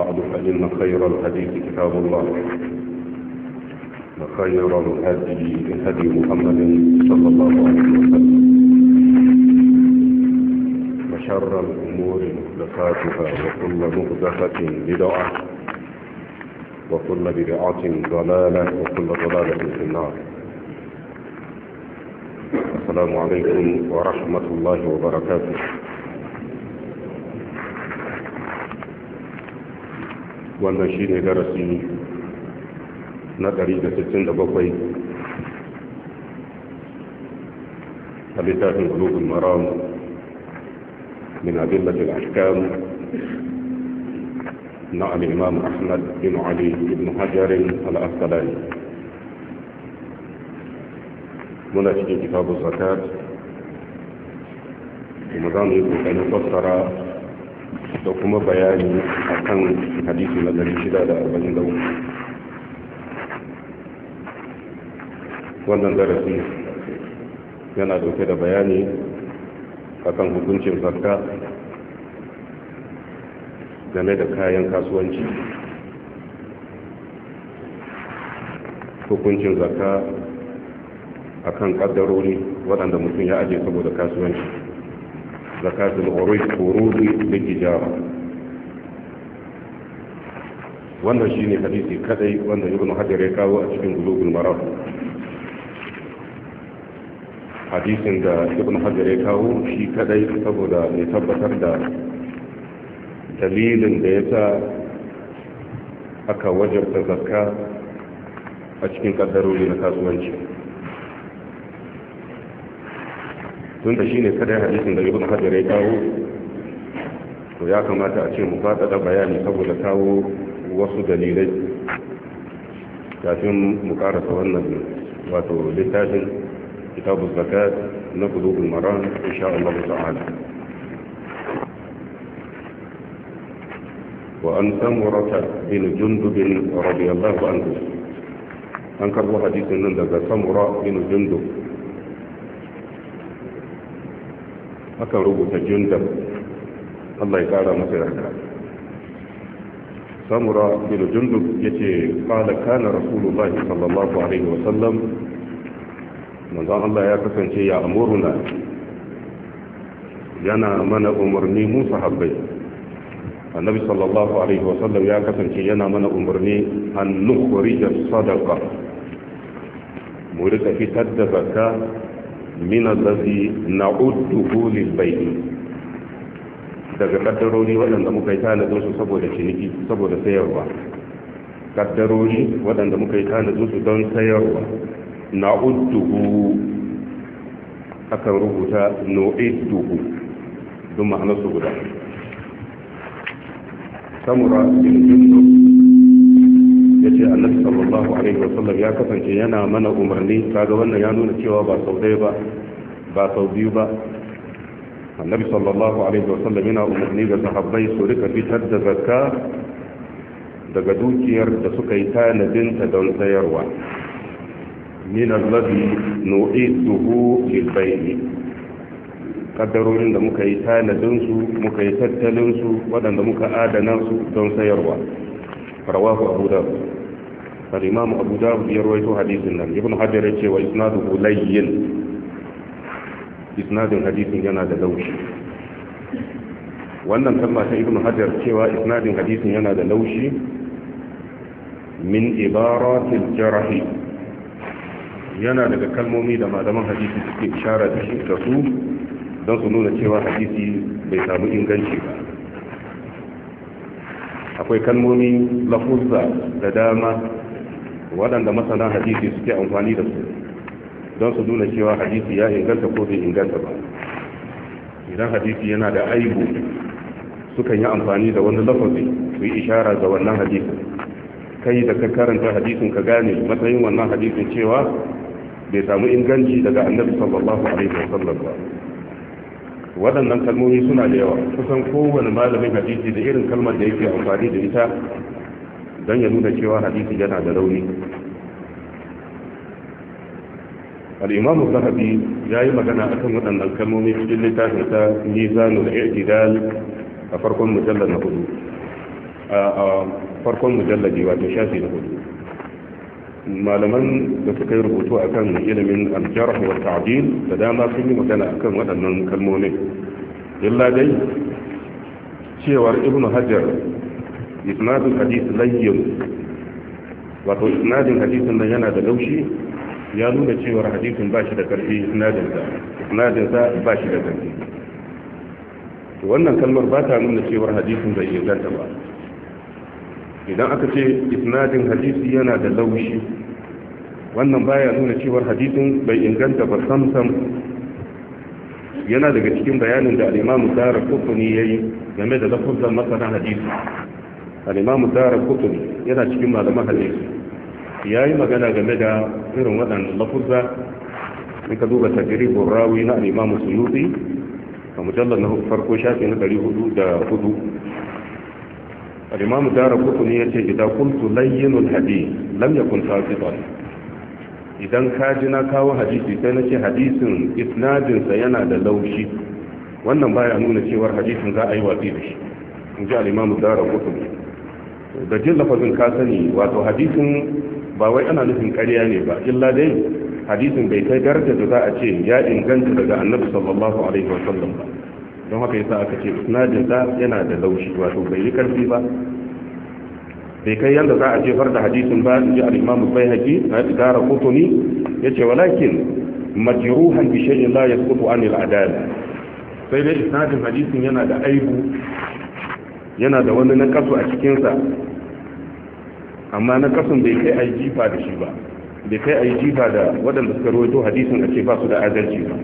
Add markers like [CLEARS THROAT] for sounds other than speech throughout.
بعد فإن خير الحديث كتاب الله وخير الهدي هدي محمد صلى الله عليه وسلم وشر الأمور محدثاتها وكل محدثة بدعة وكل بدعة ضلالة وكل ضلالة في النار السلام عليكم ورحمة الله وبركاته wannan shi ne darasi na 167 a littafin global maram min adillatul ahkam na al'imam ahmad bin ali ibn hajjarin al'askalani muna cikin kitabun zakat kuma za mu yi kokarin fassara da kuma bayani a kan hadisi na shida da da arba'in uku wannan darasi yana dauke da bayani a kan hukuncin zakka game da kayan kasuwanci hukuncin zakka a kan ƙaddarori waɗanda mutum ya aje saboda kasuwanci zakatul urud urud lil tijara wannan shine hadisi kadai wanda ibn hajar ya kawo a cikin bulugul maram hadisin da ibn hajar ya kawo shi kadai saboda mai tabbatar da dalilin da ya sa aka wajabta zakka a cikin kaddarori na kasuwanci tun da shine kadai hadisin da ibn hajar ya kawo to ya kamata a ce mu fada da bayani saboda kawo wasu dalilai kafin mu karasa wannan wato littafin kitabu zakat na kulubul maran insha Allah ta'ala wa an samurata bin jundub radiyallahu anhu an karbo hadisin nan daga samura bin jundub akan rubuta jundar. Allah ya ƙara masa yarda samura bin jundub yace qala kana rasulullahi sallallahu alaihi wa sallam manzon Allah ya kasance ya amuruna yana mana umarni mu sahabbai annabi sallallahu alaihi wa sallam ya kasance yana mana umarni an nukhrij as-sadaqa mu rika fitar da zakka min allazi na'udduhu lil daga kaddarori waɗanda muka yi tanadin su saboda ciniki saboda sayarwa kaddarori waɗanda muka yi tanadin su don sayarwa na'udduhu akan rubuta nu'idduhu don ma'anarsu guda samura bin jundub sallallahu alaihi wasallam ya kasance yana mana umarni kaga wannan ya nuna cewa ba sau ɗaya ba ba sau biyu ba annabi sallallahu alaihi wasallam yana umarni ga sahabbai su rika fitar da zakka daga dukiyar da suka yi ta don sayarwa min allazi nu'iduhu lil bayni kaddarorin da muka yi tanadin su muka yi tattalin su waɗanda muka adana su don sayarwa rawahu abu dawud فالإمام أبو داود dawud حديث rawaito ابن nan يقول hajar لين ce wa isnaduhu layyin وأن hadisin yana da laushi wannan kalma ta ibn من cewa الجرح hadisin yana da laushi min ibaratil jarahi إشارة daga kalmomi da malaman hadisi suke ishara da shi don su nuna cewa hadisi bai samu inganci ba akwai kalmomi lafuzza da dama waɗanda masana hadisi suke amfani da su don su nuna cewa hadisi ya inganta ko bai inganta ba idan hadisi yana da aibu sukan yi amfani da wani lafazi su yi ishara ga wannan hadisin kai da ka karanta hadisin ka gane matsayin wannan hadisin cewa bai samu inganci daga annabi sallallahu alaihi wasallam ba waɗannan kalmomi suna da yawa kusan kowane malamin hadisi da irin kalmar da yake amfani da ita don ya nuna cewa hadisi yana da rauni al'imamu zahabi ya yi magana a kan waɗannan kalmomi cikin littafin ta nizanu da a farkon mujallar na hudu a farkon mujallar wato shafi na hudu malaman da suka yi rubutu a kan ilimin aljarh wa ta'dil da dama sun yi magana a kan waɗannan kalmomin illa dai cewar ibnu hajar isnadul hadith layyin wato isnadin hadisin nan yana da laushi ya nuna cewar hadisin ba shi da karfi isnadin sa isnadin sa ba shi da karfi to wannan kalmar ba ta nuna cewar hadisin bai inganta ba idan aka ce isnadin hadisi yana da laushi wannan baya nuna cewar hadisin bai inganta ba samsam yana daga cikin bayanin da al'imamu tsara kufuni ya yi game da lafuzan masana hadisi al'imamu dara kuturi yana cikin malaman hadisi ya yi magana game da irin waɗannan lafuzza in ka duba tajiribin rawi na al'imamu suyuti a mujallar na farko shafi na 404 al'imamu dara kuturi ya ce idan kuntu layyinul hadis lam yakun fasidan idan kaji na kawo hadisi sai na ce hadisin isnadinsa yana da laushi wannan baya nuna cewar hadisin za a yi watsi da shi in ji al'imamu dara kuturi da jin lafazin ka sani wato hadisin ba wai ana nufin ƙarya ne ba illa dai hadisin bai kai daraja da za a ce ya inganta daga annabi sallallahu alaihi wasallam ba don haka yasa aka ce isnadin sa yana da laushi wato bai yi karfi ba bai kai yanda za a ce farda hadisin ba ji al-imam bayhaqi na idara qutni yace walakin majruhan bi shay'in la yasqutu anil al-adala sai dai isnadin hadisin yana da aibu yana da wani nakasu a cikinsa amma na kasun bai kai a jifa da shi ba bai kai a jifa da waɗanda suka rawaito hadisin a ce ba su da adalci ba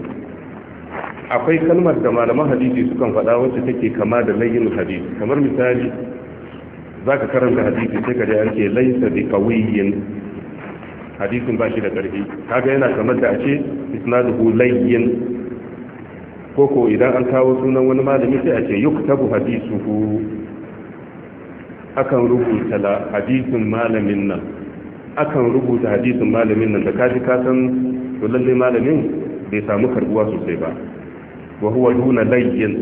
akwai kalmar da malaman hadisi sukan faɗa wacce take kama da layin hadisi kamar misali za ka karanta hadisi sai ka je an ce laisa bi kawiyin hadisin ba shi da ƙarfi kaga yana kamar da a ce isnaduhu layyin koko idan an kawo sunan wani malami sai a ce yuktabu hadisuhu akan rubuta hadisin malamin nan akan rubuta hadisin malamin nan da kaji kasan to lalle malamin bai samu karbuwa sosai ba wa huwa duna layyin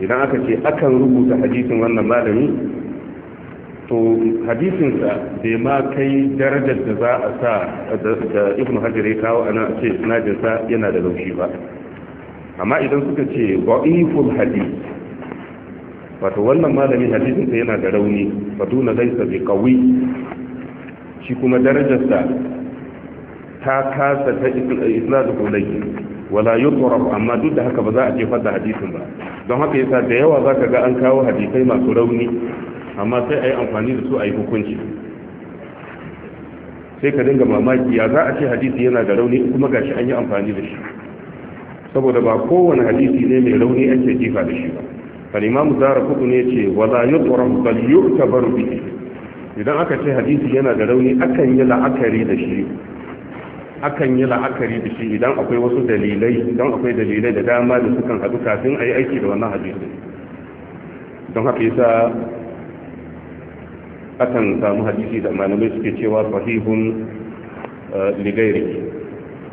idan aka ce akan rubuta hadisin wannan malami to hadisinsa bai ma kai darajar da za a sa da ibn hajar ya kawo ana ce najinsa yana da laushi ba amma idan suka ce wa'iful hadis wato wannan malamin hadisin sa yana da rauni faduna laysa bi qawi shi kuma darajarsa ta kasa ta isnadu kullayi wala yutraf amma duk da haka ba za a jefa da hadisin ba don haka yasa da yawa zaka ga an kawo hadisai masu rauni amma sai ayi amfani da su ayi hukunci sai ka dinga mamaki ya za a ce hadisi yana da rauni kuma gashi an yi amfani da shi saboda ba kowane hadisi ne mai rauni ake jifa da shi ba al-imam zarafuku ne ce wala yutrahu ta yu'tabaru bihi idan aka ce hadisi yana da rauni akan yi la'akari da shi akan yi la'akari da shi idan akwai wasu dalilai idan akwai dalilai da dama da sukan haɗu kafin a yi aiki da wannan hadisi don haka yasa akan samu hadisi da malamai suke cewa sahihun eh, ligairi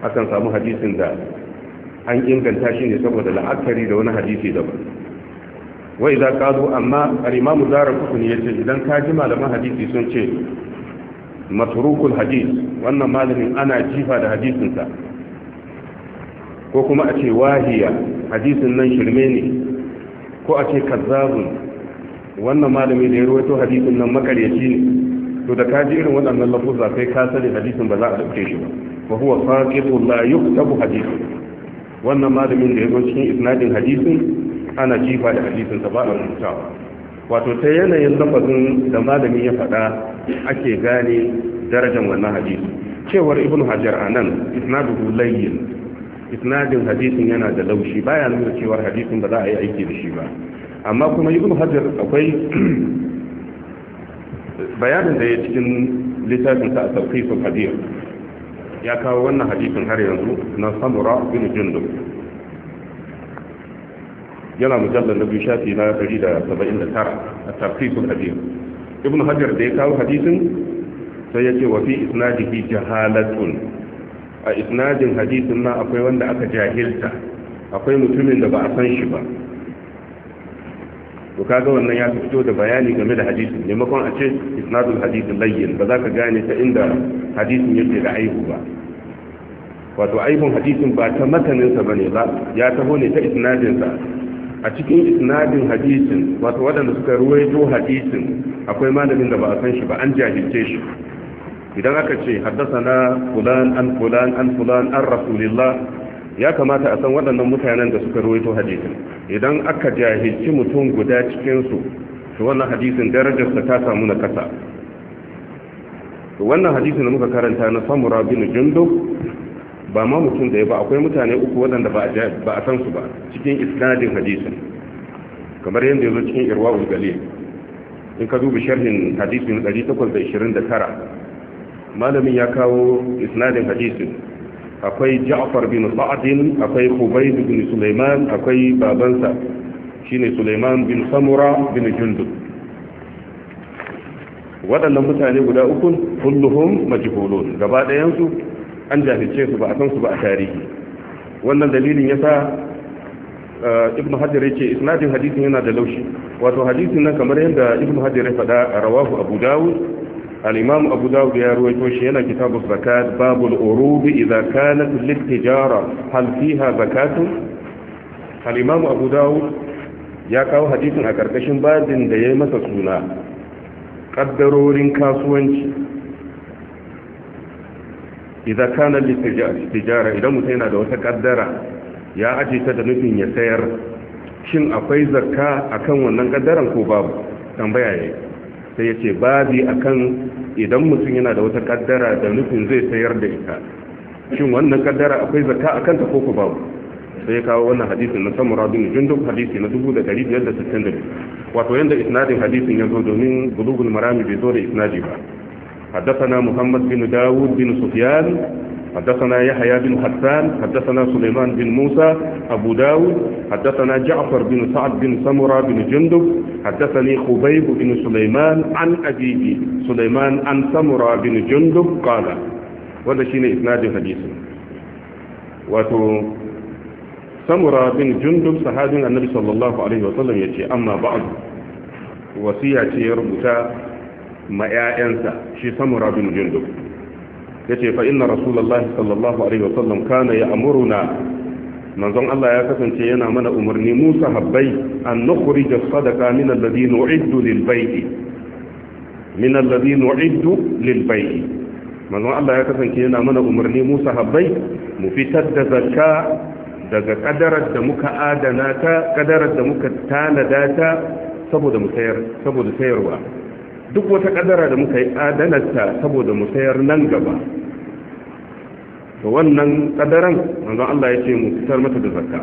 akan samu hadisin da an inganta shi ne saboda la'akari da wani hadisi daban wa idza qalu amma al ne ya ce idan ka ji malaman hadisi sun ce matrukul hadis wannan malamin ana jifa da hadisinsa ko kuma a ce wahiya hadisin nan shirme ne ko a ce kazzabun wannan malami da ya ruwaito hadisin nan makaryaci ne to da kaji irin waɗannan lafuzza kai ka sani hadisin ba za a dauke shi ba wa huwa faqitu la yuktabu hadisi wannan malamin da ya zo cikin isnadin hadisin ana jifa da hadisinsa ba a rubuta wato ta yanayin lafazin da malami ya faɗa ake gane darajar wannan hadisi cewar ibnu hajar anan isnaduhu layyin isnadin hadisin yana da laushi baya nuna cewar hadisin ba za a yi aiki da shi ba amma kuma ibnu hajar akwai [CLEARS THROAT] bayanin da ya cikin littafin sa a tafkisul hadir ya kawo wannan hadisin har yanzu na samura bin jundub yana mujallar na biyu shafi na 179 a tarfisul hadis ibn hajar da ya kawo hadisin sai ya ce wa fi isnadihi jahalatun a isnadin hadisin ma akwai wanda aka jahilta akwai mutumin da ba a san shi ba to kaga wannan ya fito da bayani game da hadisin maimakon a ce isnadul hadisin layyin ba za ka gane ta inda hadisin yake da aihu ba wato aihun hadisin ba ta mataninsa ba ne ba ya taho ne ta isnadinsa a cikin isnadin hadisin wato waɗanda suka ruwaito hadisin akwai malamin da ba a san shi ba an jahilce shi idan aka ce haddasana fulan an fulan an fulan an rasulillah ya kamata a san waɗannan mutanen da suka ruwaito hadisin idan aka jahilci mutum guda cikinsu to wannan hadisin darajarsa ta samu na kasa wannan hadisin da muka karanta na samura bin jundub ba ma mutum da ya ba akwai mutane uku waɗanda ba a san su ba cikin isnadin hadisin kamar yadda ya zo cikin irwa ulgali in ka dubi sharhin hadisin 829 malamin ya kawo isnadin hadisin akwai ja'far bin sa'adin akwai hubayd bin sulaiman akwai babansa shine sulaiman bin samura bin jundub waɗannan mutane guda uku kulluhum majhulun gaba ɗayan su an jahilce su ba a san su ba a tarihi wannan dalilin ya sa eh, ibn hajar ya ce isnadin hadisin yana da laushi wato hadisin nan kamar yadda ibn hajar ya faɗa a rawahu abu dawud al-imam abu dawud ya ruwaito shi yana kitabu zakat babul urubi idza kanat lit-tijara hal fiha zakatun al-imam abu dawud ya kawo hadisin a karkashin babin da yayi masa suna kaddarorin kasuwanci idan kana tijara idan mutum yana da wata kaddara ya aje ta da nufin ya sayar shin akwai zakka akan wannan kaddaran ko babu tambaya ne sai ya ce babi akan idan mutum yana da wata kaddara da nufin zai sayar da ita shin wannan kaddara akwai zakka akan ta ko ko babu sai ya kawo wannan hadisin na samura bin jundub hadisi na 1562 wato yanda isnadin hadisin ya zo domin bulugul marami bai zo da isnadi ba حدثنا محمد بن داود بن سفيان حدثنا يحيى بن حسان حدثنا سليمان بن موسى أبو داود حدثنا جعفر بن سعد بن سمرة بن جندب حدثني خبيب بن سليمان عن أبيه سليمان عن سمرة بن جندب قال وهذا شيء إسناد الحديث وتو سمرة بن جندب صحابي النبي صلى الله عليه وسلم يتي أما بعد وصية يربطها ma 'ya'yansa shi samura bin jundub yace fa inna rasulullahi sallallahu alaihi wasallam kana amuruna manzon Allah ya kasance yana mana umarni mu sahabbai an nukhrija sadaqa min alladhi nu'iddu lil bayt min alladhi nu'iddu lil bayt manzon Allah ya kasance yana mana umarni mu sahabbai mu fitar da zakka daga kadarar da muka adana ta kadarar da muka tanada ta saboda mu sayar saboda sayarwa duk wata kadara da muka yi adalarta saboda mu sayar nan gaba to wannan kadaran manzon Allah ya ce mu fitar mata da zakka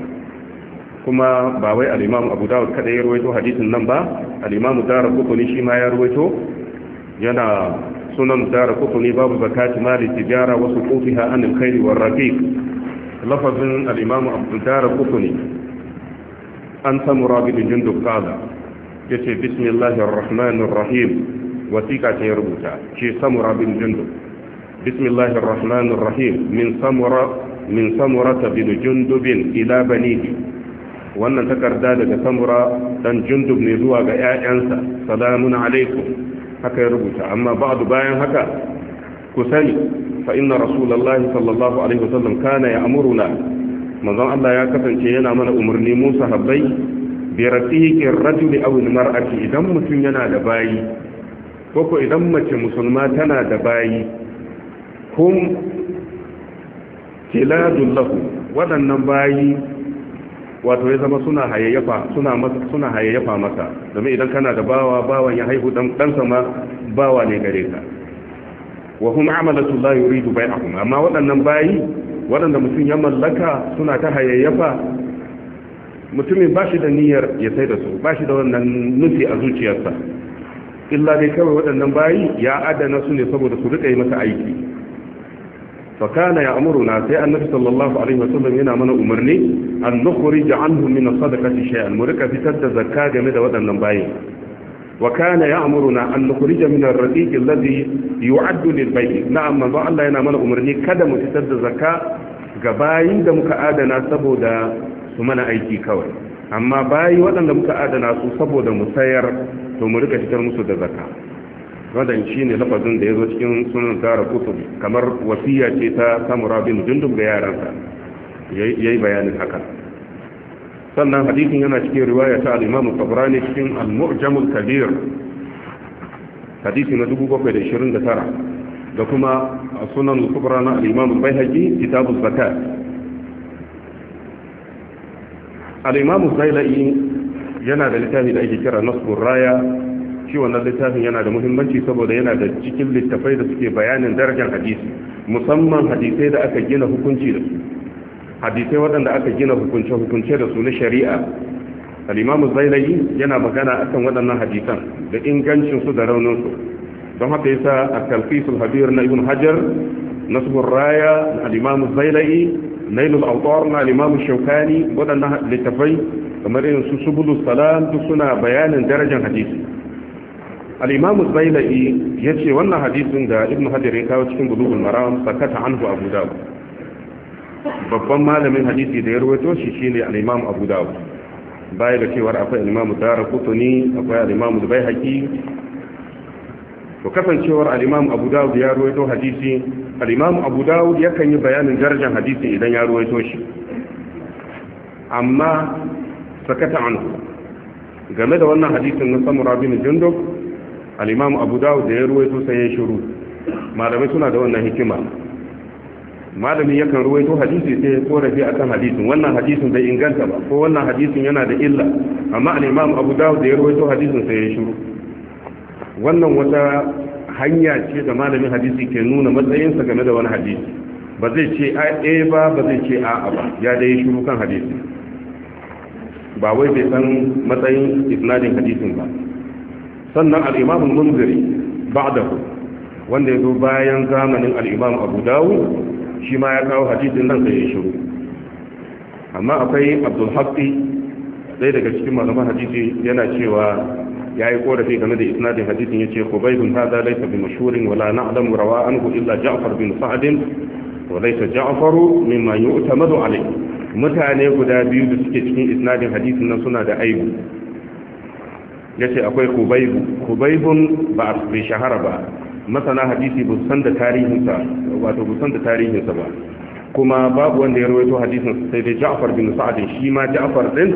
kuma ba wai al-Imam Abu Dawud kada ya ruwaito hadisin nan ba al-Imam Darqutni shi ma ya ruwaito, yana sunan Darqutni babu zakati mali tijara wa suqutiha an al-khayr wa raqiq lafazin al-Imam Abu Darqutni an samura bin jundub qala ya ce bismillahir rahmanir rahim wasiƙa ce ya rubuta ce samura bin jundub bismillahir rahmanir rahim min samura ta bin jundubin ila banihi wannan takarda daga samura dan jundub ne zuwa ga ƴaƴansa salamun alaikum haka ya rubuta amma ba'du bayan haka ku sani fa inna rasulullahi sallallahu alaihi wasallam kana ya'muruna manzon Allah ya kasance yana mana umarni musa sahabbai bi rafiqir rajuli aw al mar'ati idan mutum yana da bayi koko idan mace musulma tana da bayi hum tiladul lahu wadannan bayi wato ya zama suna hayayyafa suna masa suna hayayyafa masa domin idan kana da bawa bawan ya haihu dan dan sama bawa ne gare ka wa hum amalatu la yuridu bai'ahum amma wadannan bayi wadanda mutum ya mallaka suna ta hayayyafa mutumin ba shi da niyyar ya sai da su ba shi da wannan nufi a zuciyarsa illa dai kawai waɗannan bayi ya adana su ne saboda su riƙa yi masa aiki fakana ya amuruna sai annabi sallallahu alaihi wasallam yana mana umarni an nukhrija anhum min as-sadaqati shay'an mu rika fitar da zakka game da waɗannan bayi wa kana ya amuruna an nukhrija min ar-raqiq alladhi yu'addu lil-bayt na'am manzo Allah yana mana umarni kada mu fitar da zakka ga bayin da muka adana saboda su mana aiki kawai amma bayi waɗanda muka adana su saboda mu sayar to mu rika fitar musu da zakka wannan shine lafazin da yazo cikin sunan dara kutub kamar wasiya ce ta samura bin jundub ga yaransa yayi bayanin haka sannan hadisin yana cikin riwaya ta al-Imam Tabrani cikin al-Mu'jam al-Kabir hadisi na 729 da kuma sunan al al-Imam Baihaqi kitab az-zakat al'imamu zaila'i yana da littafi da ake kira nasrun raya shi wannan littafin yana da muhimmanci saboda yana da cikin littafai da suke bayanin darajar hadisi musamman hadisai da aka gina hukunci da su hadisai waɗanda aka gina hukunce-hukunce da su na shari'a al'imamu Zailai yana magana kan waɗannan hadisan da ingancinsu da rauninsu don haka yasa a kalfisul habir na ibn hajar nasbun raya na al'imamu Zailai. nailul autar na limamu shaukani waɗannan littafai kamar irin su subulu salam duk suna bayanin darajar hadisi al-imamu zailai ya ce wannan hadisin da ibnu hajar ya kawo cikin bulugul maram sakata anhu abu dawo. babban malamin hadisi da ya rawaito shi shine al-imamu abu dawud baya da cewar akwai al-imamu daraqutni akwai al bai haƙi? to kasancewar al-imamu abu dawud ya rawaito hadisi al-imam abu dawud kan yi bayanin darajar hadisi idan ya ruwaito shi amma sakata anhu game da wannan hadisin na samura bin jundub al-imam abu dawud da ya ruwaito sai ya shiru malamai suna da wannan hikima malami kan ruwaito hadisi sai ya korafi akan hadisin wannan hadisin bai inganta ba ko wannan hadisin yana da illa amma al-imam abu dawud da ya ruwaito hadisin sai ya shiru wannan wata hanya ce da malamin hadisi ke nuna matsayinsa game da wani hadisi ba zai ce a ba ba zai ce a ba ya dai shiru kan hadisi ba wai bai san matsayin isnadin hadisin ba sannan al'imamun munziri ba da ku wanda ya zo bayan zamanin al'imam abu dawo shi ma ya kawo hadisin nan sai ya shiru amma akwai abdul haqqi ɗaya daga cikin malaman hadisi yana cewa ya yi korafi game da isnadin hadisin ya ce bin hada laisa bi mashhurin wala na'lamu rawa anhu illa ja'far bin sa'd wa laisa ja'faru mimma yu'tamadu alayh mutane guda biyu da suke cikin isnadin hadisin nan suna da aibu yace akwai kubaibu kubaibun ba bai shahara ba masana hadisi ba san da tarihinsa wato ba san da tarihinsa ba kuma babu wanda ya rawaito hadisin sai dai Ja'far bin Sa'd shi ma Ja'far din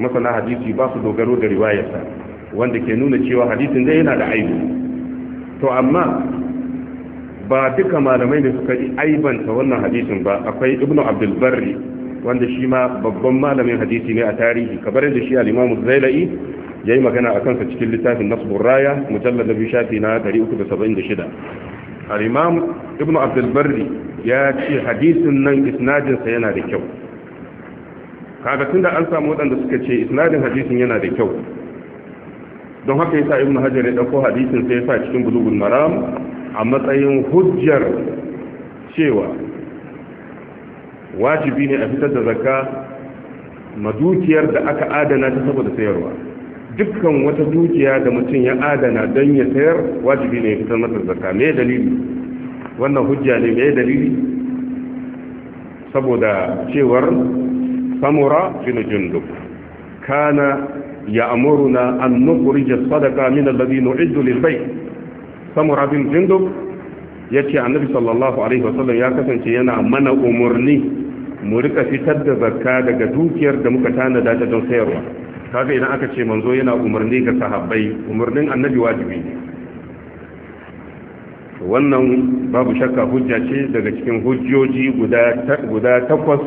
masana hadisi ba su dogaro da riwayarsa wanda ke nuna cewa hadisin dai yana da aibu to amma ba duka malamai ne suka yi aibanta wannan hadisin ba akwai ibnu Abdulbarri wanda shi ma babban malamin hadisi ne a tarihi kamar da shi Alimamu imamu zailai yayi magana a kansa cikin littafin nasbur raya mujallad na shafi na 376 al ibnu abdul ya ce hadisin nan isnadin yana da kyau kaga tunda an samu waɗanda suka ce isnadin hadisin yana da kyau don haka yasa ibnu hajar ya dauko hadisin sai yasa cikin bulugul maram a matsayin hujjar cewa wajibi ne a fitar da zakka madukiyar da aka adana ta saboda sayarwa dukkan wata dukiya da mutum ya adana don ya sayar wajibi ne ya fitar masa zakka me dalili wannan hujja ne me dalili saboda cewar samura bin jundub kana ya amuruna an nufuri sadaka min alladhi nu'iddu lil bayt samura bin jundub yace annabi sallallahu alaihi wasallam ya kasance yana mana umarni mu rika fitar da zakka daga dukiyar da muka tanada ta don sayarwa kaga idan aka ce manzo yana umarni ga sahabbai umarnin annabi wajibi ne wannan babu shakka hujja ce daga cikin hujjoji guda takwas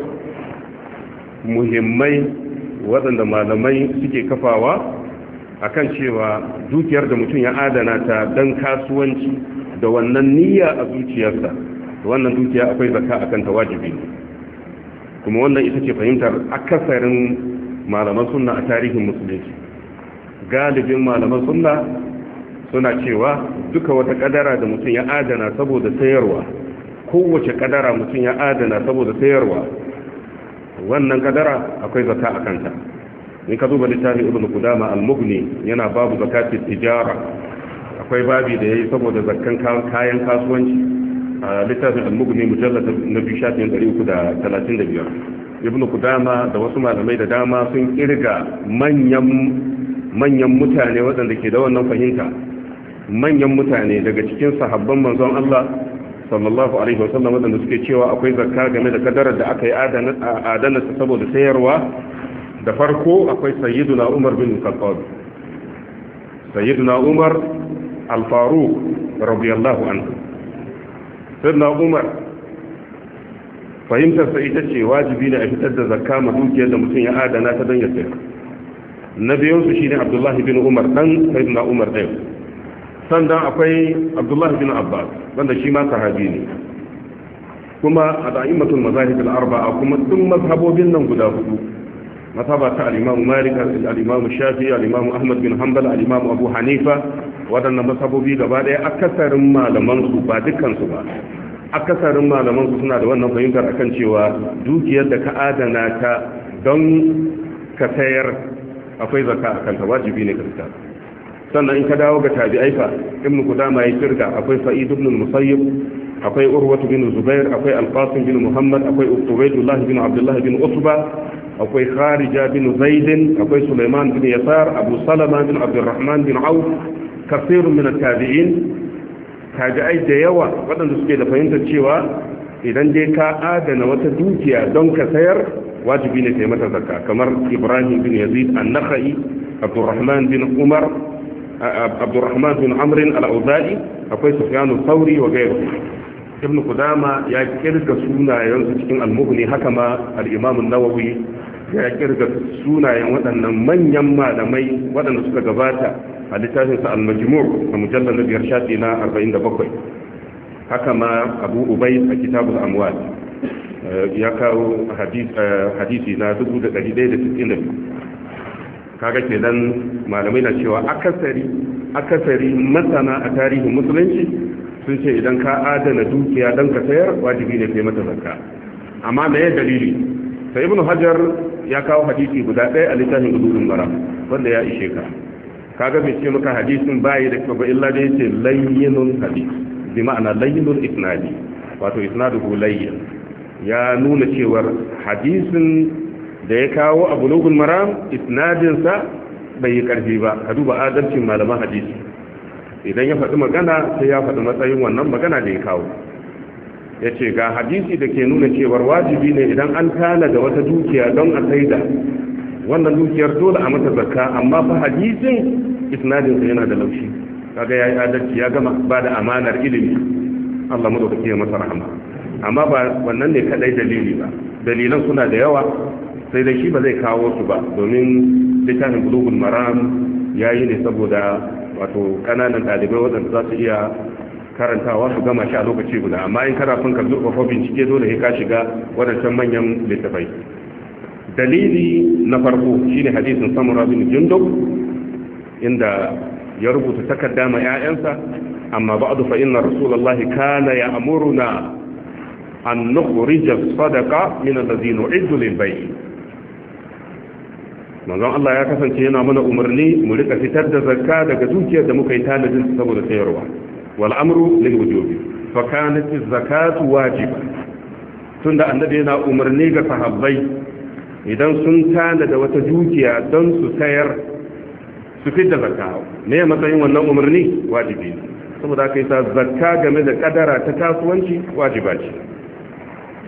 muhimmai waɗanda malamai suke kafawa a kan cewa dukiyar da mutum ya adana ta don kasuwanci da wannan niyya a zuciyarsa da wannan dukiya akwai zaka a ta wajibi kuma wannan ita ce fahimtar akasarin malaman suna a tarihin musulunci galibin malaman suna suna cewa duka wata kadara da mutum ya adana saboda sayarwa kowace kadara mutum ya adana saboda sayarwa wannan kadara akwai zaka a kanta in ka zuba littafin ibn kudama al-mughni yana babu zakatul tijara akwai babi da yayi saboda zakkan kayan kasuwanci a littafin al-mughni mujallad na 1335 ibn kudama da wasu malamai da dama sun kirga manyan manyan mutane waɗanda ke da wannan fahimta manyan mutane daga cikin sahabban manzon Allah sallallahu alaihi wa sallam wadanda suke cewa akwai zakka game da kadarar da aka yi adana ta saboda sayarwa da farko akwai sayyiduna umar bin khattab sayyiduna umar al-faruq radiyallahu anhu sayyiduna umar fahimtar sa ita ce wajibi ne a fitar da zakka ma dukiyar da mutum ya adana ta don ya sayar na biyan su shine abdullahi bin umar dan sayyiduna umar ɗaya sannan akwai abdullah bin abbas wanda shi ma sahabi ne kuma a da'imatul mazahib al-arba'a kuma duk mazhabobin nan guda hudu mazhaba ta al-imam malik al-imam shafi al-imam ahmad bin hanbal al-imam abu hanifa wadannan mazhabobi gaba daya akasarin malaman su ba dukkan su ba akasarin malaman su suna da wannan fahimtar akan cewa dukiyar da ka adana ta don ka sayar akwai zakka akan ta wajibi ne ka fitar sannan in ka dawo ga tabi'ai fa ibnu qudama ya kirga akwai sa'id ibn musayyib akwai Urwatu bin zubair akwai al-qasim bin muhammad akwai ubaydullah bin abdullah bin usba akwai kharija bin zaid akwai sulaiman bin yasar abu salama bin abdurrahman bin auf kasirun min tabi'in tabi'ai da yawa waɗanda suke da fahimtar cewa idan dai ka adana wata dukiya don ka sayar wajibi ne kai mata zakka kamar ibrahim bin yazid an-nakhai abdurrahman bin umar abdurrahman bin amrin al-auza'i akwai sufyanu sauri wa gairu ibn kudama ya kirga sunayen cikin al-mughni haka ma al-imam an-nawawi ya kirga sunayen waɗannan manyan malamai waɗanda suka gabata a littafinsa sa al-majmu' da mujallal biyar shafi na 47 haka ma abu ubay a kitabul amwal ya kawo hadisi na 1162 kaga dan malamai na cewa akasari akasari masana a tarihin musulunci sun ce idan ka adana dukiya don ka sayar wajibi ne kai mata zakka amma me ya dalili sai ibnu hajar ya kawo hadisi guda ɗaya a littafin gudun maram wanda ya ishe ka kaga bai ce maka hadisin bayi da kuma illa da yace layyinun hadis bi ma'ana layyinun isnadi wato isnadu layyin ya nuna cewar hadisin da ya kawo a bulugul maram isnadinsa bai yi karfi ba ka duba adalcin malaman hadisi idan ya faɗi magana sai ya faɗi matsayin wannan magana da ya kawo ya ce ga hadisi da ke nuna cewar wajibi ne idan an tana da wata dukiya don a da wannan dukiyar dole a mata zakka amma fa hadisin isnadinsa yana da laushi kaga yi adalci ya gama ba da amanar ilimi Allah da masa rahama amma ba wannan ne kaɗai dalili ba dalilan suna da yawa sai dai shi ba zai kawo su ba domin littafin bulogun maram ya yi ne saboda wato kananan ɗalibai waɗanda za su iya karantawa su gama shi a lokaci guda amma in kana son ka zurfafa bincike dole sai ka shiga waɗancan manyan littafai dalili na farko shine hadisin samun rabin jundub inda ya rubuta takarda ma 'ya'yansa amma ba'du fa inna rasulullahi kana ya'muruna an nukhrija sadaqa min allazi uddu lil bayt manzon Allah ya kasance yana mana umarni mu rika fitar da zakka daga dukiyar da muka yi tanadin saboda sayarwa wal amru lil wujubi fa kanat zakatu wajiba tunda annabi yana umarni ga sahabbai idan sun tanada wata dukiya don su sayar su fi da zakka me matsayin wannan umarni wajibi saboda yi sa, zakka game da kadara ta kasuwanci wajiba ce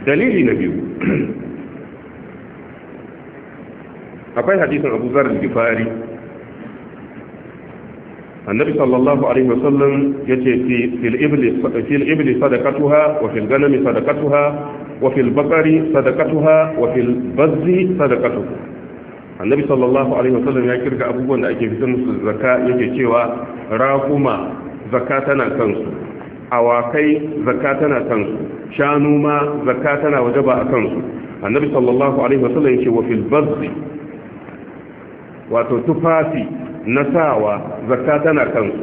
dalili na biyu akwai hadisin abu zar fari. annabi sallallahu alaihi wasallam ya ce fil ibli fil ibli sadaqatuha wa fil ganami sadaqatuha wa fil baqari sadaqatuha wa fil bazzi sadaqatuha annabi sallallahu alaihi wasallam ya kirga abubuwan da ake fitar musu zakka yake cewa raquma zaka tana kansu awakai zaka tana kansu shanu ma zaka tana wajaba a kansu annabi sallallahu alaihi wasallam ce wa fil bazzi wato tufafi na sawa zakka tana kansu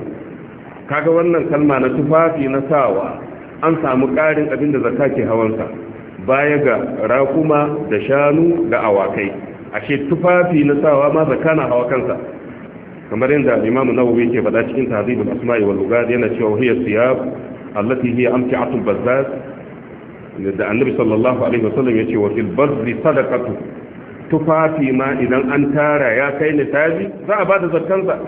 kaga wannan kalma na tufafi na sawa an samu ƙarin abin da zakka ke hawansa baya ga rakuma da shanu da awakai ashe tufafi na sawa ma zakka na hawa kansa kamar yadda imamu nawawi yake faɗa cikin tahdhibul asma'i wal lughat yana cewa hiya siyab allati hiya amti'atul bazzaz da annabi sallallahu alaihi wasallam yace wa fil bazzi sadaqatu tufafi ma idan an tara ya kai nisabi za a ba da zakkansa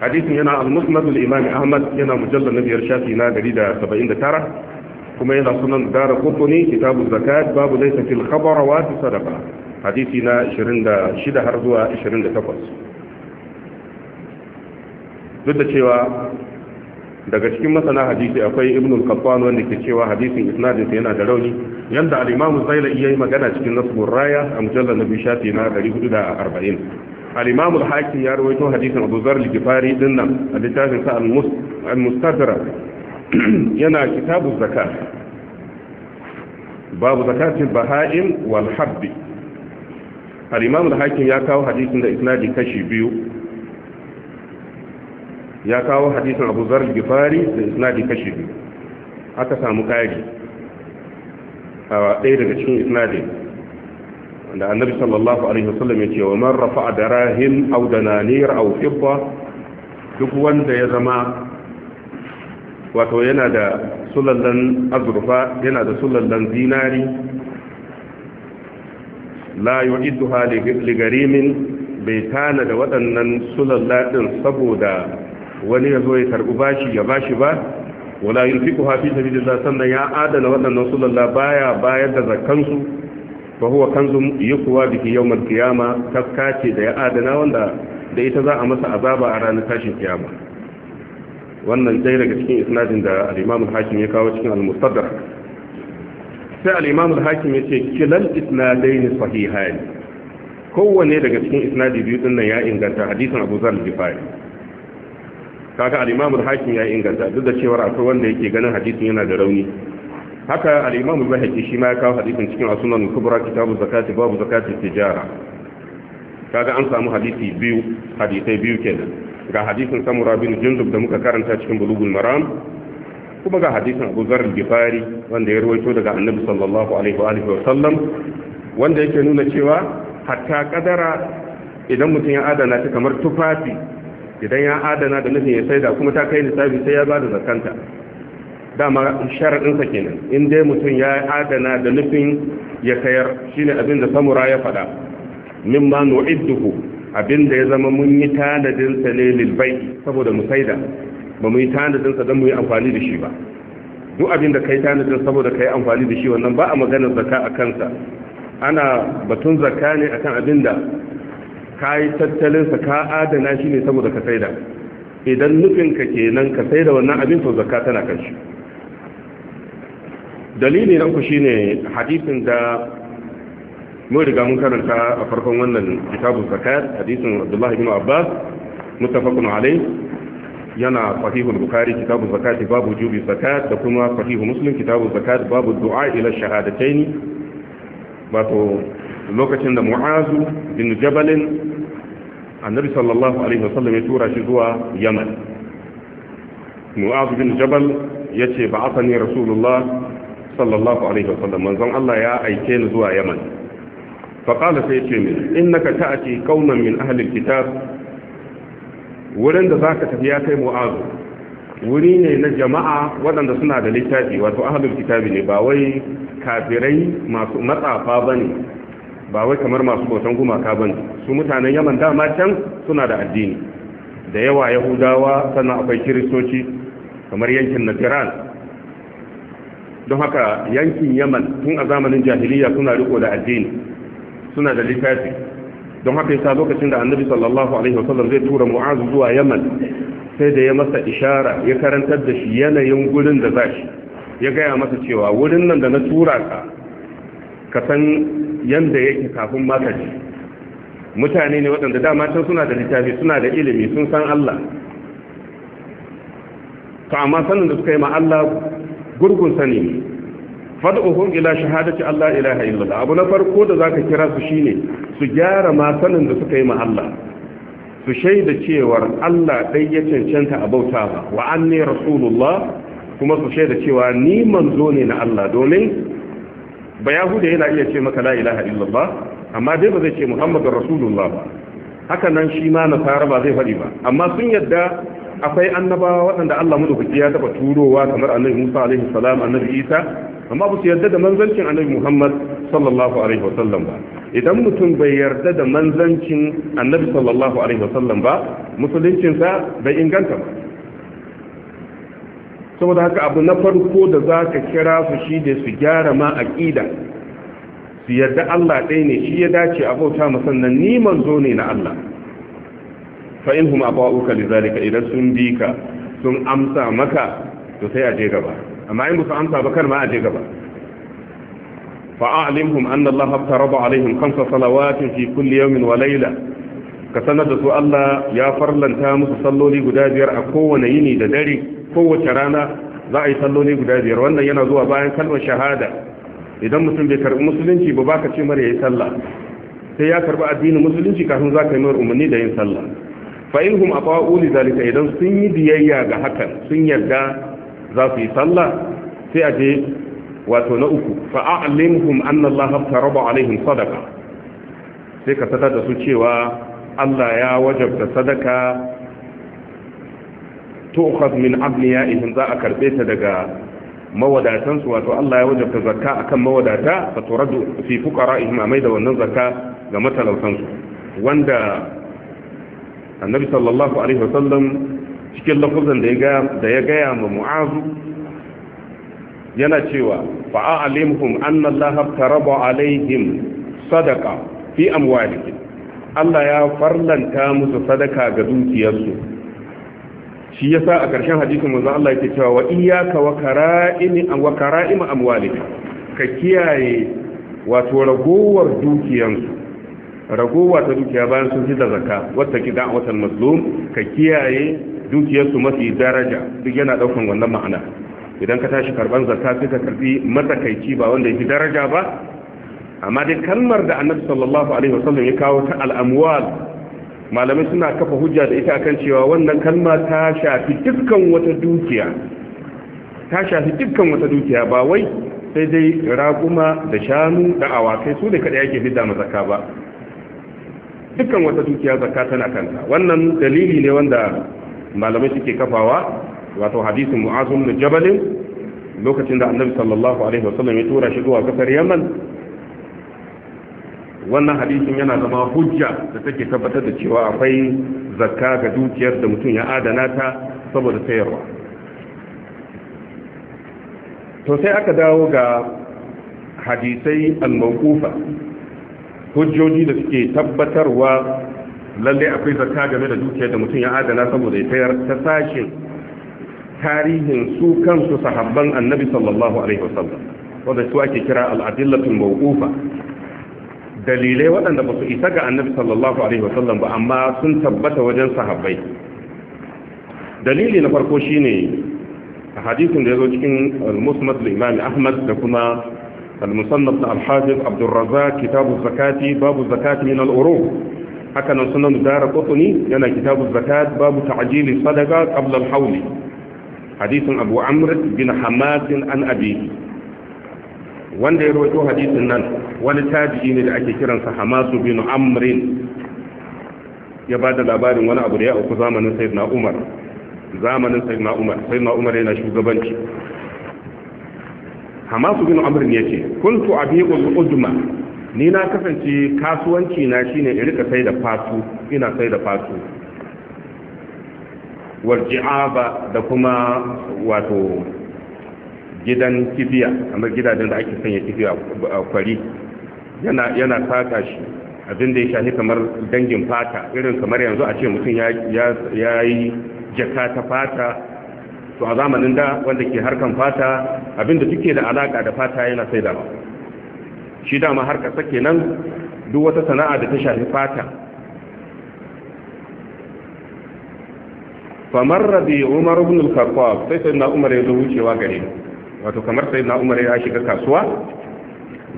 hadisin yana al-musnad al-imam ahmad yana mujallal na biyar shafi na 179 kuma yana sunan dara qutni kitabu zakat babu laysa fil khabar wa sadaqa hadisi na 26 har zuwa 28 duk da cewa daga cikin masana hadisi akwai ibn al-qattan wanda ke cewa hadisin isnadin sa yana da rauni yanda al-imam zailai yayi magana cikin nasbur raya a mujallal nabi shafi na 440 al-imam al-hakim ya rawaito hadisin abu zar al-gifari dinnan a littafin sa al-mustadrak [CLEARS THROAT] yana kitabu zakat babu zakatil baha'im wal habbi al-imam al-hakim ya kawo hadisin da isnadi kashi biyu ya kawo hadisin abu zar gifari da isnadi kashi biyu aka samu ƙari a ɗaya daga cikin isnadi da annabi sallallahu alaihi wasallam ya ce wa man rafa'a darahim aw dananir aw fidda duk wanda ya zama wato yana da sulallan azurfa yana da sulallan zinari la yu'idduha li bai tana da waɗannan sulalladin saboda wani ya zo ya karbi bashi ya bashi ba wala yunfiku ha fi sabilillah sannan ya adana waɗannan sallallahu baya bayar da zakkansu fa huwa kanzu yukwa biki yawmal qiyama tafka da ya adana wanda da ita za a masa azaba a ranar tashin kiyama wannan dai daga cikin isnadin da al-Imam al-Hakim ya kawo cikin al-Mustadrak sai al-Imam al-Hakim ya ce kilal isnadaini sahihain kowanne daga cikin isnadi biyu din nan ya inganta hadisin Abu Zar al-Ghifari kaga al-imam al-hakim ya inganta duk da cewa akwai wanda yake ganin hadisin yana da rauni haka al-imam al shi ma ya kawo hadisin cikin as-sunan kubra kitabu zakati babu zakati tijara kaga an samu hadisi biyu hadisai biyu kenan ga hadisin samura bin jundub da muka karanta cikin bulugul maram kuma ga hadisin abu al gifari wanda ya rawaito daga annabi sallallahu alaihi wa alihi wa sallam wanda yake nuna cewa hatta kadara idan mutum ya adana ta kamar tufafi idan ya adana da nufin ya saida kuma ta kai nisabi sai ya ba da zakanta dama sharaɗinsa kenan in dai mutum ya adana da nufin ya sayar shine abin da samura ya faɗa min ma nu'idduhu abin da ya zama mun yi tanadin sa ne lil saboda mu saida ba mu yi tanadin sa don mu yi amfani da shi ba duk abin da kai tanadin saboda kai amfani da shi wannan ba a maganar zakka a kansa ana batun zakka ne akan abin da ka yi tattalinsa ka adana shi ne saboda ka saida idan nufinka kenan ka saida wannan abin to zakka tana kan shi dalili na uku shine hadisin da mun riga mun karanta a farkon wannan kitabun zakat hadisin Abdullah ibn Abbas muttafaqun alayh yana al bukhari kitabun zakat babu jubi zakat da kuma sahih muslim kitabun zakat babu du'a ila shahadatayn wato lokacin da mu'azu bin jabalin annabi sallallahu alaihi wasallam ya tura shi zuwa yaman mu'az bin jabal ya ce ba asani rasulullah sallallahu alaihi wasallam manzon Allah ya aike ni zuwa yaman faƙala sai ce min innaka ta'ati qauman min ahli alkitab wurin da zaka tafi ya kai mu'azu wuri ne na jama'a waɗanda suna da littafi wato ahlul kitabi ne ba wai kafirai masu matsafa bane ba wai kamar masu bautan gumaka ba su mutanen yaman dama can suna da addini da yawa yahudawa sannan akwai kiristoci kamar yankin najiran don haka yankin yaman tun a zamanin jahiliya suna riko da addini suna da littafi don haka yasa lokacin da annabi sallallahu alaihi wasallam zai tura mu'azu zuwa yaman sai da ya masa ishara ya karantar da shi yanayin gurin da za shi ya gaya masa cewa wurin nan da na tura ka ka san yanda yake kafin ma ka ji mutane ne waɗanda dama can suna da littafi suna da ilimi sun san Allah to amma sanin da suka yi ma Allah gurgun sani ne fad'uhum ila shahadati Allah ilaha illallah abu na farko da zaka kira su shine su gyara ma sanin da suka yi ma Allah su shaida cewar Allah dai ya cancanta a bauta ba wa anni rasulullah kuma su shaida cewa ni manzo ne na Allah domin ba yahuda yana iya ce maka la ilaha illallah amma dai ba zai ce muhammadur rasulullah ba haka nan shi ma nasara ba zai faɗi ba amma sun yadda akwai annabawa waɗanda Allah mu madaukaki ya taɓa turowa kamar annabi Musa alaihi salam annabi Isa amma ba su yarda da manzancin annabi Muhammad sallallahu alaihi wasallam ba idan mutum bai yarda da manzancin annabi sallallahu alaihi wasallam ba musuluncinsa bai inganta ba saboda haka abu na farko da za ka kira su shi da su gyara ma aƙida su yarda Allah ɗai ne shi ya dace a bauta musannan ni zo ne na Allah fa in hum aba'uka lidhalika idan sun bi ka sun amsa maka to sai a je gaba amma in ba su amsa ba kar ma a je gaba fa a'limhum anna Allah raba alaihim khamsa salawatin fi kulli yawmin wa layla ka sanar da su Allah ya farlanta musu salloli guda biyar a kowane yini da dare kowace rana za a yi salloli guda biyar wannan yana zuwa bayan kalmar shahada idan mutum bai karbi musulunci ba baka ce mara yayi sallah sai ya karbi addinin musulunci kafin za ka yi mara umarni da yin sallah fa in hum ata'u li zalika idan sun yi biyayya ga hakan sun yarda za su yi sallah sai a je wato na uku fa a'limhum anna Allah farada alaihim sadaqa sai ka sanar da su cewa Allah ya wajabta sadaka tukhaz min abniyaihim za a karbe ta daga mawadatan su wato Allah ya wajabta zakka akan mawadata fa turaddu fi fuqara'ihim amai da wannan zakka ga matalautan su wanda annabi sallallahu alaihi wasallam cikin lafazan da ya ga da ya ga ma mu'azu yana cewa fa a'limhum anna Allah taraba alaihim sadaqa fi amwalihim Allah ya farlanta musu sadaka ga dukiyarsu shi yasa a ƙarshen hadisin manzo Allah yake cewa wa iyyaka wa kara'imi wa kara'im amwalika ka kiyaye wato ragowar dukiyansu ragowa ta dukiya bayan sun fi da zakka wata a watan mazlum ka kiyaye dukiyarsu mafi daraja duk yana daukan wannan ma'ana idan ka tashi karban zakka sai ka karbi matakaici ba wanda yake daraja ba amma dai kalmar da annabi sallallahu alaihi wasallam ya kawo ta al'amwal malamai suna kafa hujja da ita akan cewa wannan kalma ta shafi dukkan wata dukiya ta shafi dukkan wata dukiya ba wai sai dai raƙuma da shanu da awakai su ne kada yake fidda mazaka ba dukkan wata dukiya zakka tana kanta wannan dalili ne wanda malamai suke kafawa wato hadisin mu'azum da jabalin lokacin da annabi sallallahu alaihi wasallam ya tura shi zuwa kasar yaman wannan hadisin yana zama hujja da take tabbatar da cewa akwai zakka ga dukiyar da mutum ya adana ta saboda sayarwa to sai aka dawo ga hadisai al-mawqufa hujjoji da suke tabbatarwa lalle akwai zakka game da dukiyar da mutum ya adana saboda ya sayar ta sashin tarihin su kansu sahabban annabi sallallahu alaihi wasallam wanda su ake kira al-adillatul mawqufa dalilai waɗanda ba su isa ga annabi sallallahu alaihi wasallam ba amma sun tabbata wajen sahabbai dalili na farko shine a hadisin da ya zo cikin al-musnad al-imam ahmad da kuma al-musannaf da al-hafiz abdul razzaq kitabu zakati babu zakati min al-urub haka nan sunan dara qutni yana kitabu zakat babu ta'jili sadaqa qabla al hadisin abu amr bin hamad an abi wanda ya roƙo hadisin nan wani tabi'i ne da ake kiransa hamasu bin amrin ya ba da labarin wani abu da ya uku zamanin sayyidina umar zamanin sayyidina umar sayyidina umar yana shugabanci hamasu bin amrin ya ce kuntu abiqul udma ni na kasance kasuwanci na shine in rika sai da fatu ina sai da fatu warji'aba da kuma wato gidan kibiya amma gidajen da ake sanya kibiya a kwari yana saka shi abin da ya shafi kamar dangin fata irin kamar yanzu a ce mutum ya yi jaka ta fata to a zamanin da wanda ke harkan fata abin da suke da alaka da fata yana sai dama shi dama har ƙasa kenan duk wata sana'a da ta shafi fata famar rabi umar ibn al-khattab sai sai na umar ya zo wucewa gare wato kamar sai na umar ya shiga kasuwa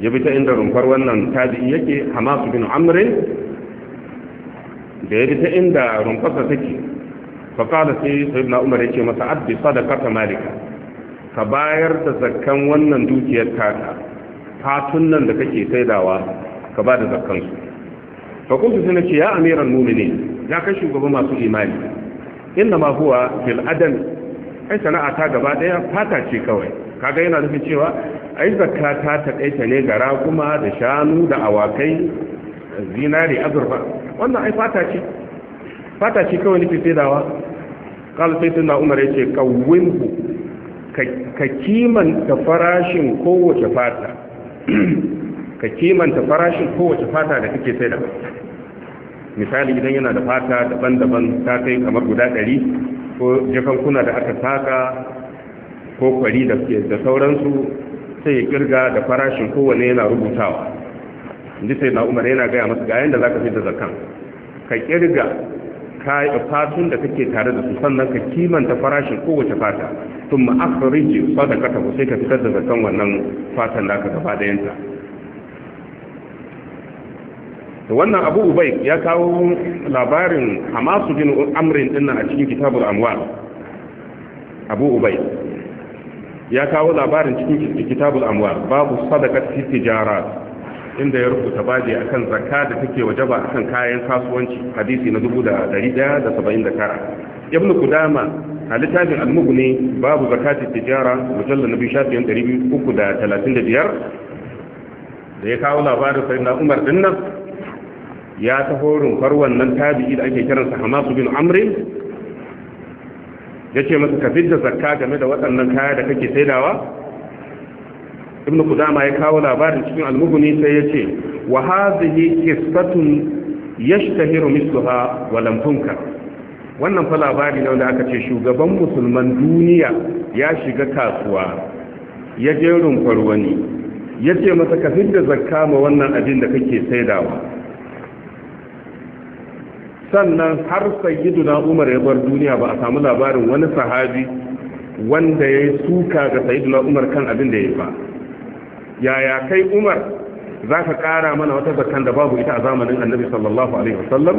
ya bi ta inda rumfar wannan tabi'i yake hamasu bin amrin da ya bi ta inda rumfarsa take faƙada sai sai na umar ya ce masa addi sadaka malika ka bayar da zakkan wannan dukiyar taka fatun nan da kake saidawa ka ba da zakkansu faƙuntu sai na ce ya amiran mumini ya kai shugaba masu imani inda ma huwa fil adam ai sana'a ta gaba ɗaya fata ce kawai kaga yana nufin cewa ai zakka ta taƙaita ne ga raguma da shanu da awakai zinari azurfa wannan ai fata ce fata ce kawai nake saidawa kala sai tunda umar ya ce ka kimanta farashin kowace fata [CLEARS THROAT] ka kimanta farashin kowace fata da kake sai da misali idan yana da fata daban-daban ta kai kamar guda ɗari ko kuna da aka saka ko kwari da sauransu sai ya kirga da farashin kowane yana rubutawa inda sai na umar yana gaya masu gayan da za ka fi da zakan ka kirga fatun da kake tare da su sannan ka kimanta farashin kowace fata tun fata sadaka ta sai ka fitar da zakan wannan fatan naka gaba dayanta wannan abu ubai ya kawo labarin hamasu bin amrin dinnan a cikin kitabul amwal abu ubai ya kawo labarin cikin kitabul amwa babu sadaqat fi inda ya rubuta baje akan zakka da take wajaba akan kayan kasuwanci hadisi na 1179 ibnu kudama a littafin al-mughni babu zakatit tijara mujallal nabi shafiyan 335 da ya kawo labarin sayyidina umar dinnan? ya taho rumfar wannan tabi'i da ake kiransa hamasu bin amrin ya ce masa ka fidda zakka game da waɗannan kaya da kake saidawa ibn kudama ya kawo labarin cikin almuguni sai ya ce wa hadhihi ya yashtahiru misluha wa lam wannan fa labari ne wanda aka ce shugaban musulman duniya ya shiga kasuwa ya je rumfar wani ya ce masa ka fidda zakka ma wannan abin da kake saidawa sannan har sayyiduna umar ya bar duniya ba a samu labarin wani sahabi wanda ya yi suka ga sayyiduna umar kan abin da ya yi ba yaya kai umar za ka kara mana wata zakan da babu ita a zamanin annabi sallallahu alaihi wasallam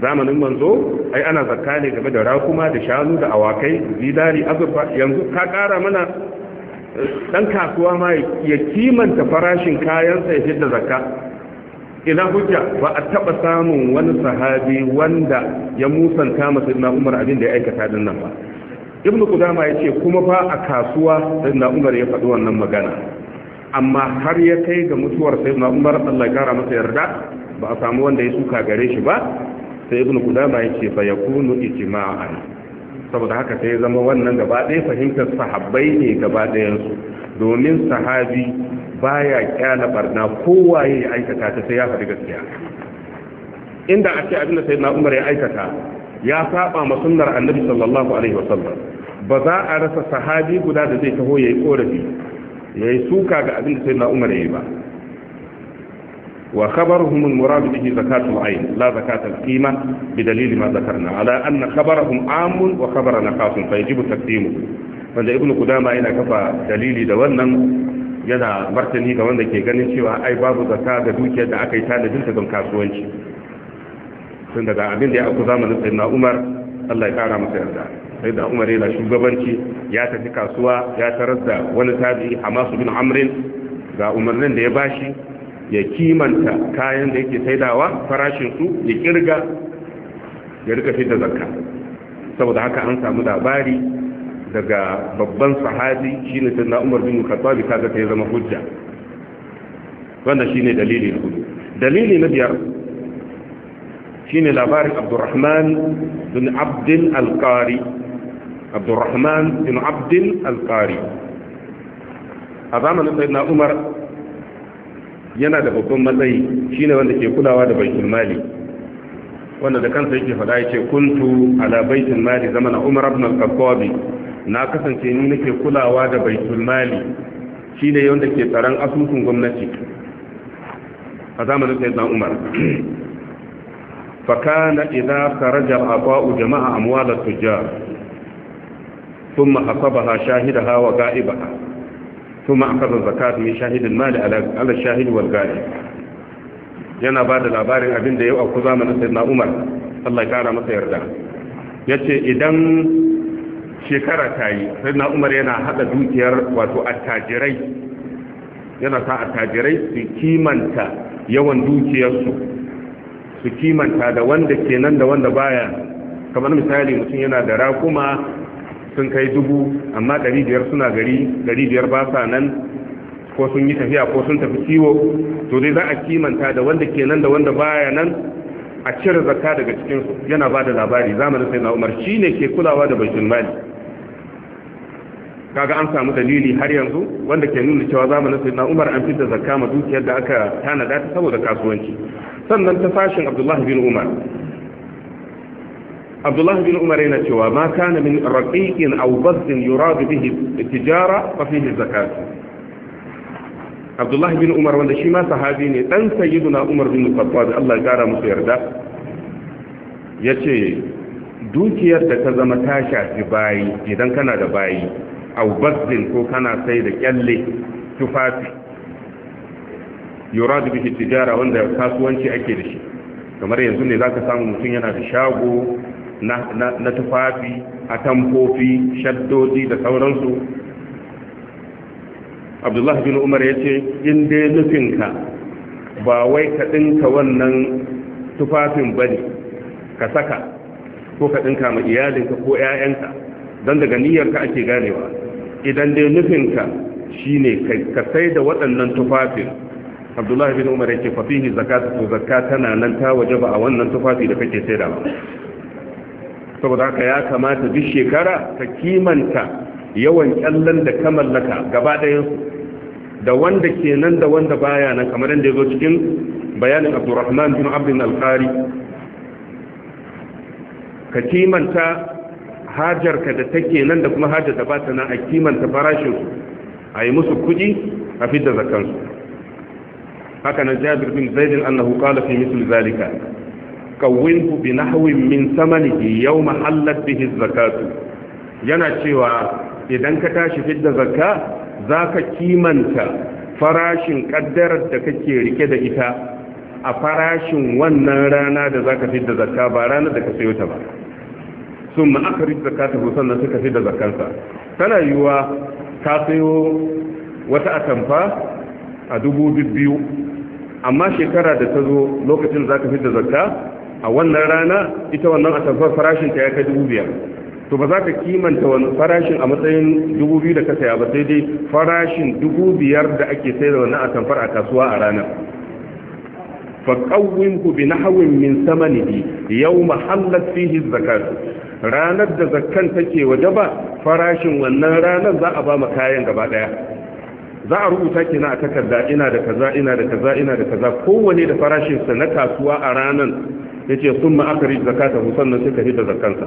zamanin manzo ai ana zakka ne game da rakuma da shanu da awakai zidari azurfa yanzu ka kara mana dan eh, kasuwa ma ya kimanta farashin kayansa ya fidda zakka ina hujja ba a taba samun wani sahabi wanda ya musanta masa na umar abin da ya aikata din nan ba ibnu kudama ya ce kuma fa a kasuwa sai na umar ya faɗi wannan magana amma har ya kai ga mutuwar sai na umar allah ya kara masa yarda ba a samu wanda ya suka gare shi ba sai ibnu kudama ya ce fa yakunu ijma'an saboda haka sai zama wannan gaba ɗaya fahimtar sahabbai ne gaba ɗayan su domin sahabi baya kyala barna kowaye ya aikata ta sai ya faɗi gaskiya inda ake abin da sai na Umar ya aikata ya saba ma sunnar Annabi sallallahu alaihi wa sallam ba za a rasa sahabi guda da zai taho yayi korafi yayi suka ga abin da sai na Umar yayi ba wa khabaruhum al-murad bihi zakatul ayn la zakatul qima bidalil ma dhakarna ala anna khabarahum amun wa khabarana khasun fa yajibu taqdimuhu wanda ibnu kudama yana kafa dalili da wannan yana martani ga wanda ke ganin cewa ai babu zakka ga dukiyar da aka yi tanadin ta don kasuwanci tun daga abin da ya aku zamanin na Umar Allah ya kara masa yarda da Umar yana shugabanci ya tafi kasuwa ya tarar da wani tabi Hamasu bin Amrin ga umarnin da ya bashi ya kimanta kayan da yake saidawa farashin su ya kirga ya rika fitar zakka saboda haka an samu labari daga babban sahabi shine sayyidina Umar bin Khattab kaga ta zama hujja wannan shine dalili na hudu dalili na biyar shine labarin Abdurrahman bin Abdul Al-Qari Abdurrahman bin Abdul Al-Qari a zamanin na Umar yana da babban matsayi shine wanda ke kulawa da baitul mali wanda da kansa yake fada yake kuntu ala baitul mali zaman Umar ibn al-Khattab na kasance ni nake kulawa da baitul mali shi yanda yadda ke tsaron asusun gwamnati a zamanin sai zan umar [CLEARS THROAT] fakana idza kharaja aba'u jama'a amwal at-tujjar thumma hasabaha shahidaha wa ga'ibaha thumma akhadha zakat min shahid al-mal ala shahid wal ga'ib yana bada labarin abin da yau a ku zamanin sai na umar Allah ya kara masa yarda yace idan shekara ta yi sai na umar yana hada dukiyar wato attajirai yana sa attajirai su kimanta yawan dukiyarsu su kimanta da wanda ke nan da wanda baya kamar misali mutum yana da rakuma sun kai dubu amma ɗari biyar suna gari ɗari biyar ba sa nan ko sun yi tafiya ko sun tafi ciwo. to dai za a kimanta da wanda ke nan da wanda baya nan a cire zakka daga cikinsu yana ba da labari zamanin sai na umar shi ne ke kulawa da baitul mali kaga an samu dalili har yanzu wanda ke nuna cewa zamanin sayyidina Umar an fitar zakka ma dukiyar da aka tanada ta saboda kasuwanci sannan ta fashin Abdullahi bin Umar Abdullahi bin Umar yana cewa ma kana min raqiqin aw bazdin yurad bihi tijara fa fihi zakat Abdullahi bin Umar wanda shi ma sahabi ne dan sayyiduna Umar bin Khattab Allah ya kara musu yarda yace dukiyar da ta zama ta shafi bayi idan kana da bayi aubazin ko kana sai da kyalle tufafi yuradu bihi tijara wanda kasuwanci ake da shi kamar yanzu ne zaka samu mutum yana da shago na tufafi a tamfofi shaddodi da sauransu abdullah bin umar ya ce in dai nufinka ba wai ka ɗinka wannan tufafin ba ne ka saka ko ka ɗinka ma iyalinka ko 'ya'yanka don daga niyyarka ake ganewa idan dai nufinka shine ka sai da waɗannan tufafin abdullahi bin umar yake fafihi zakatu zakka tana nan ta waje ba a wannan tufafi da kake sai da ba saboda haka ya kamata duk shekara ka kimanta yawan kyallan da ka mallaka gaba ɗayan da wanda ke da wanda baya nan kamar yadda ya zo cikin bayanin abdurrahman bin abdin alkari ka kimanta hajarka da take nan da kuma hajar da ba ta nan a kimanta farashinsu a yi musu kuɗi a fidda zakansu haka nan jabir bin zaidin annahu qala fi misl zalika kawwinhu bi nahwin min samanihi yau hallat bihi zakatu yana cewa idan ka tashi fidda zakka zaka kimanta farashin kaddarar da kake rike da ita a farashin wannan rana da zaka fidda zakka ba ranar da ka sayo ta ba sun ta zakata na suka fi da zakansa tana yiwuwa ka sayo wata atamfa a dubu biyu amma shekara da ta zo lokacin za ka fi da zakka a wannan rana ita wannan atamfar farashin ta ya kai dubu biyar to ba za ka kimanta wani farashin a matsayin dubu biyu da ka saya ba sai dai farashin dubu biyar da ake sayar da wannan atamfar a kasuwa a ranar فقومه بنحو من bi yawma حلت fihi zakatu ranar da zakkan take waje ba farashin wannan ranar za a ba kayan gaba daya za a rubuta kina a takarda ina da kaza ina da kaza ina da kaza kowane da farashin sa na kasuwa a ranar yace sun ma akari zakata sannan sai ka hita zakkansa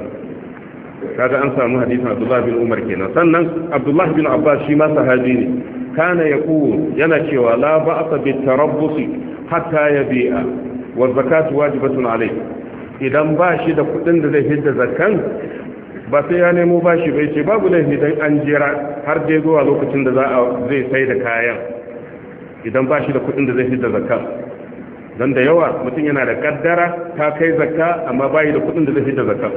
kaga an samu hadisin Abdullah bin Umar kenan sannan Abdullah bin Abbas shi ma sahabi ne kana yaqul yana cewa la ba'sa bit tarabbus hatta yabi'a wa zakatu wajibatun alayhi idan ba shi da kudin da zai hidda zakan ba sai ya nemo ba shi bai ce babu ne idan an jira har dai zuwa lokacin da za a zai sai da kayan idan ba shi da kudin da zai hidda zakan don da yawa mutum yana da kaddara ta kai zakka amma bayi da kudin da zai hidda zakan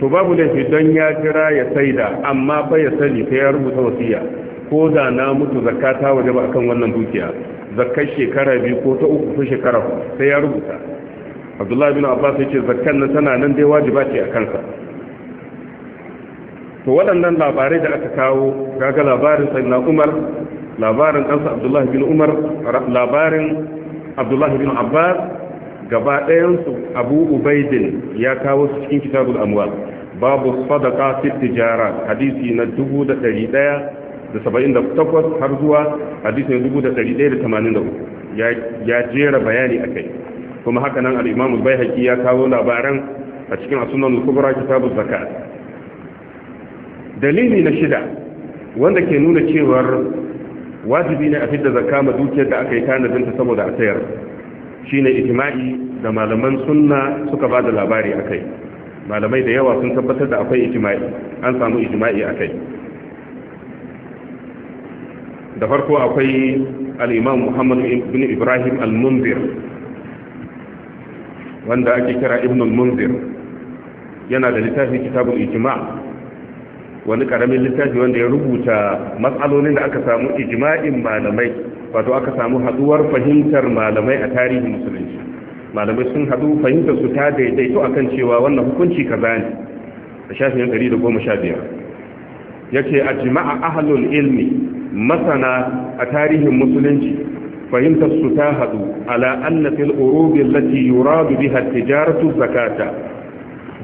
to babu ne don ya jira ya sai da, amma fa ya sani sai ya rubuta wasiya ko da na mutu zakka ta waje ba akan wannan dukiya zakkar shekara biyu ko ta uku ko shekara sai ya rubuta abdullahi bin abbas yake zakkan nan tana nan dai wajiba ce a kansa to waɗannan labarai da aka kawo kaga labarin sayyidina umar labarin ɗansa abdullahi bin umar labarin abdullahi bin abbas gaba ɗayansu abu ubaidin ya kawo su cikin kitabul amwal babu sadaka fi tijara hadisi na 1178 har zuwa hadisi na 1183 ya jera bayani akai kuma haka nan al ya kawo labaran a cikin asunan lukubura kitabun kubra dalili na shida wanda ke nuna cewar wajibi ne a fidda zaka ma dukiyar da aka yi tanadin ta saboda a sayar shine itima'i da malaman sunna suka ba da labari kai, malamai da yawa sun tabbatar da akwai itima'i, an samu ijma'i akai da farko akwai al Muhammadu Muhammad Ibrahim al-Munzir wanda ake kira ibn al-munzir yana da littafi kitabul ijma wani karamin littafi wanda ya rubuta matsalolin da aka samu ijma'in malamai wato aka samu haduwar fahimtar malamai a tarihin musulunci malamai sun hadu fahimtar su ta daidaito akan cewa wannan hukunci kaza ne a shafin 115 yace ajma'a ahlul ilmi masana a tarihin musulunci fahimtar su ta haɗu ala anna fil urubi yuradu biha tijaratu zakata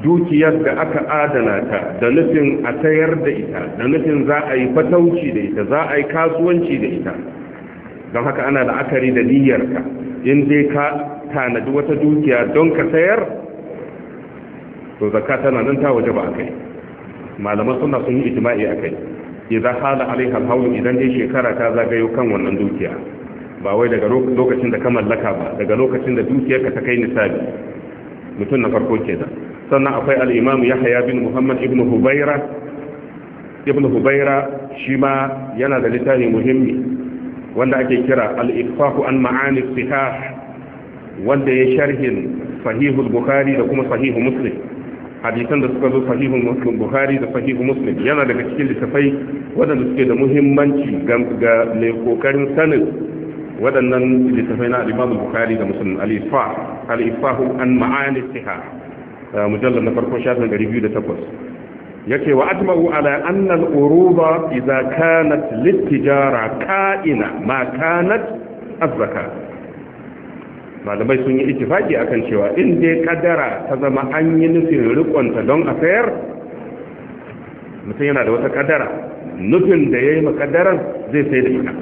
dukiyar da aka adana ta da nufin a tayar da ita da nufin za a yi fatauci da ita za a yi kasuwanci da ita don haka ana la'akari da niyyarka in dai ka tanadi wata dukiya don ka sayar to zakka tana nan ta waje ba a kai malaman suna sun yi ijma'i a kai idan hala alaiha haulu idan dai shekara ta zagayo kan wannan dukiya ba wai daga lokacin da ka mallaka ba daga lokacin da dukiyarka ta kai nisabi mutum na farko ke kenan sannan akwai al'imamu Yahaya haya bin Muhammad ibn Hubaira. ibn hubaira shi ma yana da littafi muhimmi wanda ake kira al’ifafu an ma'ani sihah wanda ya sharhin sahihul Bukhari da kuma sahihu Muslim hadisan da suka zo sahihun muslim buhari da sahihu muslim yana daga cikin littafai waɗanda suke da muhimmanci ga mai kokarin sanin waɗannan littafai na al-Imam Bukhari da Muslim al-Ifah an ma'ani siha uh, mujallal na farko shafin 208 yake wa ajma'u ala anna uruba idza kanat lit ka'ina ma kanat malamai sun yi ittifaki akan cewa in dai kadara ta zama an yi nufin rikonta don a sayar mutum yana da wata kadara nufin da yayi makadaran zai sai da ita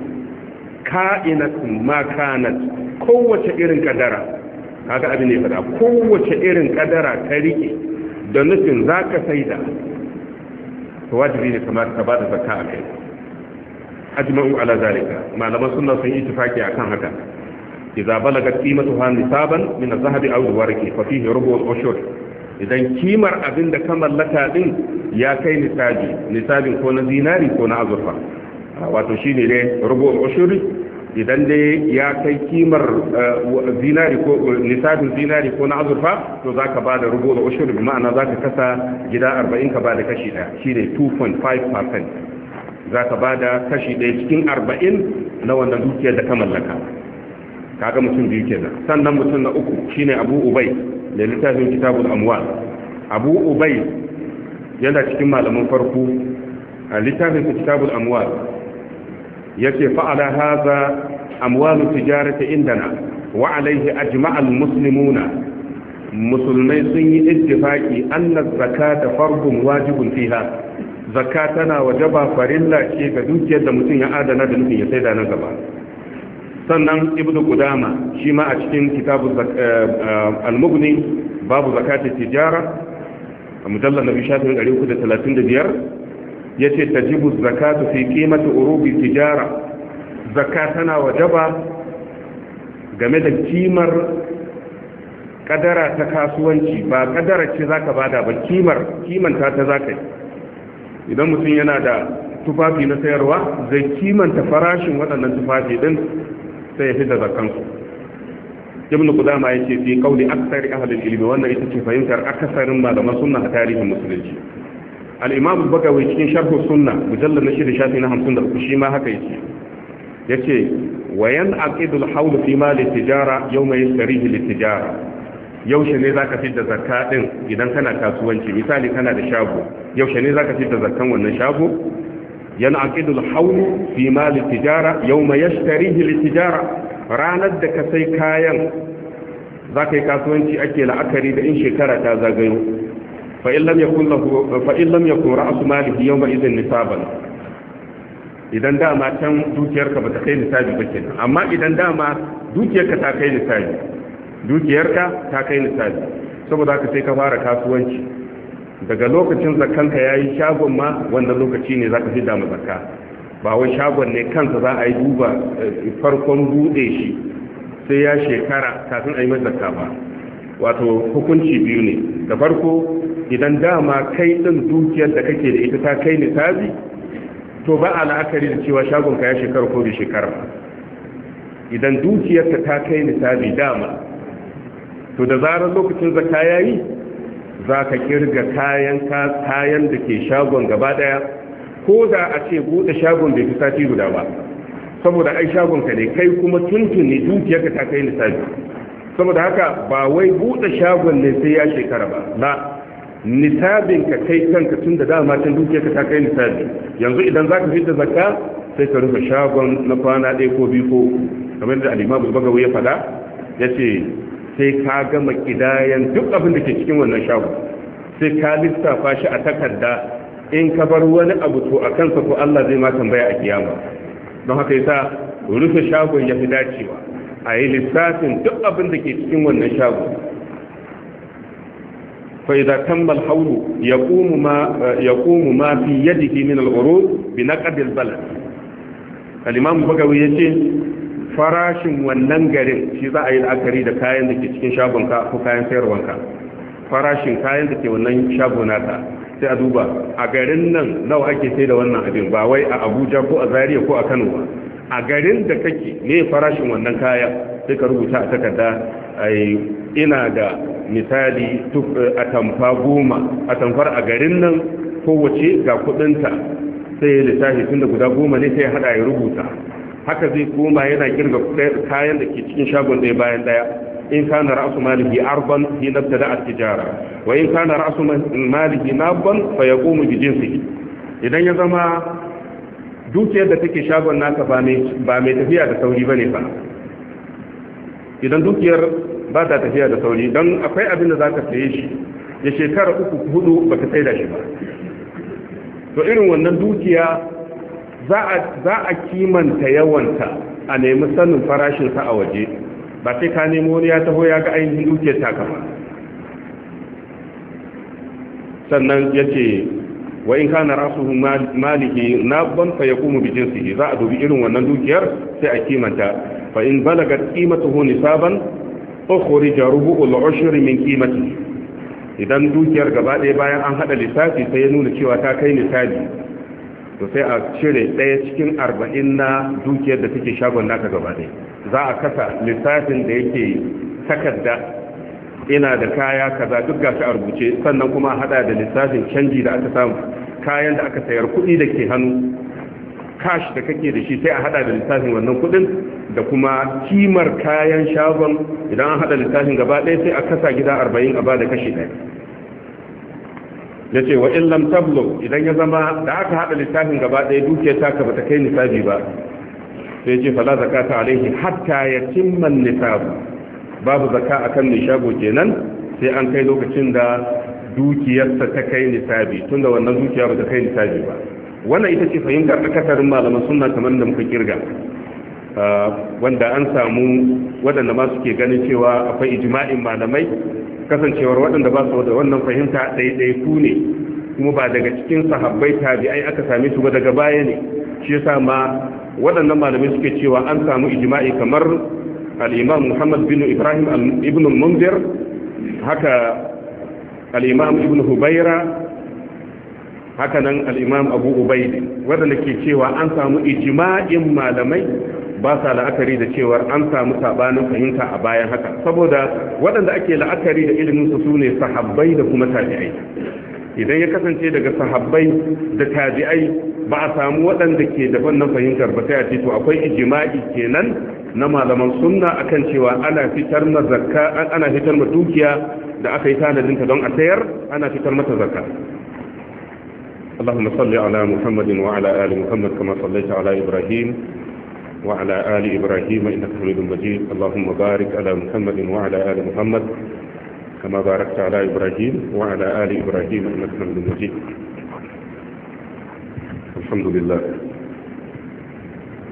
Ka'inat ma kanat kowace irin kadara kaga abin ne fada kowace irin kadara ta riƙe. da nufin za ka sai da wajibi ne kamar ka ba da zakka a kai ajma'u ala zalika malaman suna sun yi a kan haka idza balagat qimatuha nisaban min az-zahabi a al-warqi Fafi fihi rubu al idan kimar abin da ka mallaka din ya kai nisabi nisabin ko na zinari ko na azurfa wato shi ne ne rubu ushuri idan dai ya kai kimar eh, zinari ko nisabin zinari ko na azurfa to za ka ba da rubo da bi ma'ana za ka kasa gida 40 ka ba da kashi ɗaya shi ne 2.5% za ka ba da kashi ɗaya cikin 40 na wannan dukiyar da ka mallaka kaga mutum biyu kenan sannan mutum na uku shine abu ubai da littafin kitabul amwal abu ubai yana cikin malaman farko a littafin kitabul amwal yake fa'ala haza amwalu tijarati indana wa alaihi ajma'al musulmuna. musulmai sun yi ittifaki zaka da farbin wajibin fiha zaka tana wajaba farilla ce ga dukiyar da mutum ya adana da nufin ya saida na gaba sannan ibnu qudama shi ma a cikin kitabu eh, eh, al babu zakati tijara a mujallar na bishafin Ya ce yace tajibu zakatu fi qimati urubi tijara zaka tana wajaba game da kimar kadara ta kasuwanci ba kadara ce zaka bada ba kimar kimanta ta zaka yi idan mutum yana da tufafi na sayarwa zai kimanta farashin waɗannan tufafi din sai ya fi da zakansu ibn qudama yace fi qauli aktsari ahli al-ilm wannan ita ce fahimtar akasarin malaman sunna a tarihin musulunci al-imam bagawi cikin sharh sunna mujallar na shirin shafi na hamsin da uku, shi ma haka yake ce, wa yanqidul hawl fi ma mal tijara yawma yasrihi tijara. yaushe ne zaka fitar da zakka din idan kana kasuwanci misali kana da shago yaushe ne zaka fitar da zakkan wannan shago Yan yanqidul hawl fi ma mal tijara yawma yasrihi tijara. ranar da ka sai kayan zaka yi kasuwanci ake la'akari da in shekara ta zagayo fa in lam yakun lahu fa in lam yakun ra'su malihi yawma idhin nisaban idan dama can dukiyarka ba ta kai nisabi ba kenan amma idan dama dukiyarka ta kai nisabi dukiyarka ta kai nisabi saboda haka sai ka fara kasuwanci daga lokacin zakanka yayi shagon ma wannan lokaci ne zaka fi damu zakka ba wai shagon ne kansa za a yi duba farkon bude shi sai ya shekara kafin a yi mai zakka ba wato hukunci biyu ne da farko idan dama kai din dukiyar da kake da ita ta kai tabi to ba a la'akari da cewa shagon ka ya shekara ko da shekara idan dukiyarka ta kai tabi dama to da zarar lokacin zakka yayi za ka kirga kayan ka kayan da ke shagon gaba daya ko da a ce bude shagon bai fi sati guda ba saboda ai shagon ka ne kai kuma tuntuni dukiyarka ta kai tabi saboda haka ba wai buɗe shagon ne sai ya shekara ba na nisabin ka kai kanka tun da dama tun duke ka ta kai nisabi yanzu idan za zaka da zakka sai ka rufe shagon na kwana ɗaya ko biyu ko kamar da alimabu bagawa ya faɗa ya ce sai ka gama kidayan duk abin da ke cikin wannan shagon. sai ka lissafa shi a takarda in ka bar wani abu to a kansa ko Allah zai ma tambaya a kiyama don haka yasa rufe shagon ya fi dacewa a yi lissafin duk abin da ke cikin wannan shago فإذا تم ma fi ما يقوم ما في bi na العروض balad البلد الإمام ya ce farashin wannan garin shi za a yi la'akari da kayan da ke cikin shagonka ko kayan sayarwanka farashin kayan da ke wannan shagonata sai a duba a garin nan nawa ake sai da wannan abin ba wai a abuja ko a Zariya ko a kano ba a garin da kake ne farashin wannan kaya sai ka rubuta a takarda ina da misali eh, tamfa goma atamfar a garin nan kowace ga kudinta sai ya lissafi tun da guda goma ne sai ya hada ya rubuta haka zai goma yana kirga kayan da ke cikin shagon ɗaya bayan ɗaya in kana ra'su malihi arban fi nabtada tijara wa in kana ra'su malihi nabban fa yaqumu bi jinsihi idan ya zama dukiyar da take shagon naka ba mai tafiya da sauri ba ne ba idan dukiyar ba ta tafiya da sauri don akwai abin da za ka saye shi ya shekara uku hudu ba ka saida shi ba to irin wannan dukiya za a kimanta yawanta a nemi sanin farashinsa a waje ba sai ka nemo wani ya taho ya ga ainihin dukiyar ta kama sannan ya ce wa in kana rasuhu maliki nabban fa yaqumu bi jinsihi za a dubi irin wannan dukiyar sai a kimanta fa in balagat qimatuhu nisaban ukhrija rubu'ul ushr min qimatihi idan dukiyar gaba ɗaya bayan an hada lissafi sai ya nuna cewa ta kai nisabi to sai a cire ɗaya cikin arba'in na dukiyar da take shagon naka gaba ɗaya za a kasa lissafin da yake takarda ina da kaya kaza duk gashi a rubuce sannan kuma hada da lissafin canji da aka samu kayan da aka sayar kuɗi da ke hannu cash da kake da shi sai a hada da lissafin wannan kuɗin da kuma kimar kayan shagon idan an hada lissafin gaba ɗaya sai a kasa gida arba'in a ba da kashi ɗaya ya ce wa in lam tablo idan ya zama da aka hada lissafin gaba ɗaya dukiyar taka ba ta kai nisabi ba sai ce fala zakata alaihi hatta ya cimman nisabu babu zaka akan ne shago kenan sai an kai lokacin da dukiyarsa ta kai nisabi tunda wannan dukiya ba ta kai nisabi ba wannan ita ce fahimtar akasarin malaman sunna kamar da muka kirga uh, wanda an samu waɗanda ma suke ganin cewa akwai ijma'in malamai kasancewar waɗanda ba su da wannan fahimta ku ne kuma ba daga cikin sahabbai tabi'ai aka same su ba daga baya ne shi yasa ma waɗannan malamai suke cewa an samu ijma'i kamar al'imam muhammad bin ibrahim ibn mundir haka al'imam ibn hubaira haka nan abu ubaidi waɗanda ke cewa an samu ijima'in malamai basa la'akari da cewar an samu sabanin fahimta a bayan haka saboda waɗanda ake la'akari da iliminsu su ne sahabbai da kuma tabi'ai idan ya kasance daga sahabbai da tabi'ai ba a samu waɗanda ke da wannan fahimtar ba sai a akwai ijima'i kenan na malaman sunna akan cewa ana fitar ma zakka ana fitar ma dukiya da aka yi tanadinta don a sayar ana fitar mata zakka Allahumma salli ala Muhammadin wa Muhammad kama sallaita ala Ibrahim wa Ibrahim innaka Hamidum Allahumma barik ala Muhammadin wa Muhammad kama barakta ala Ibrahim wa Ibrahim innaka Hamidum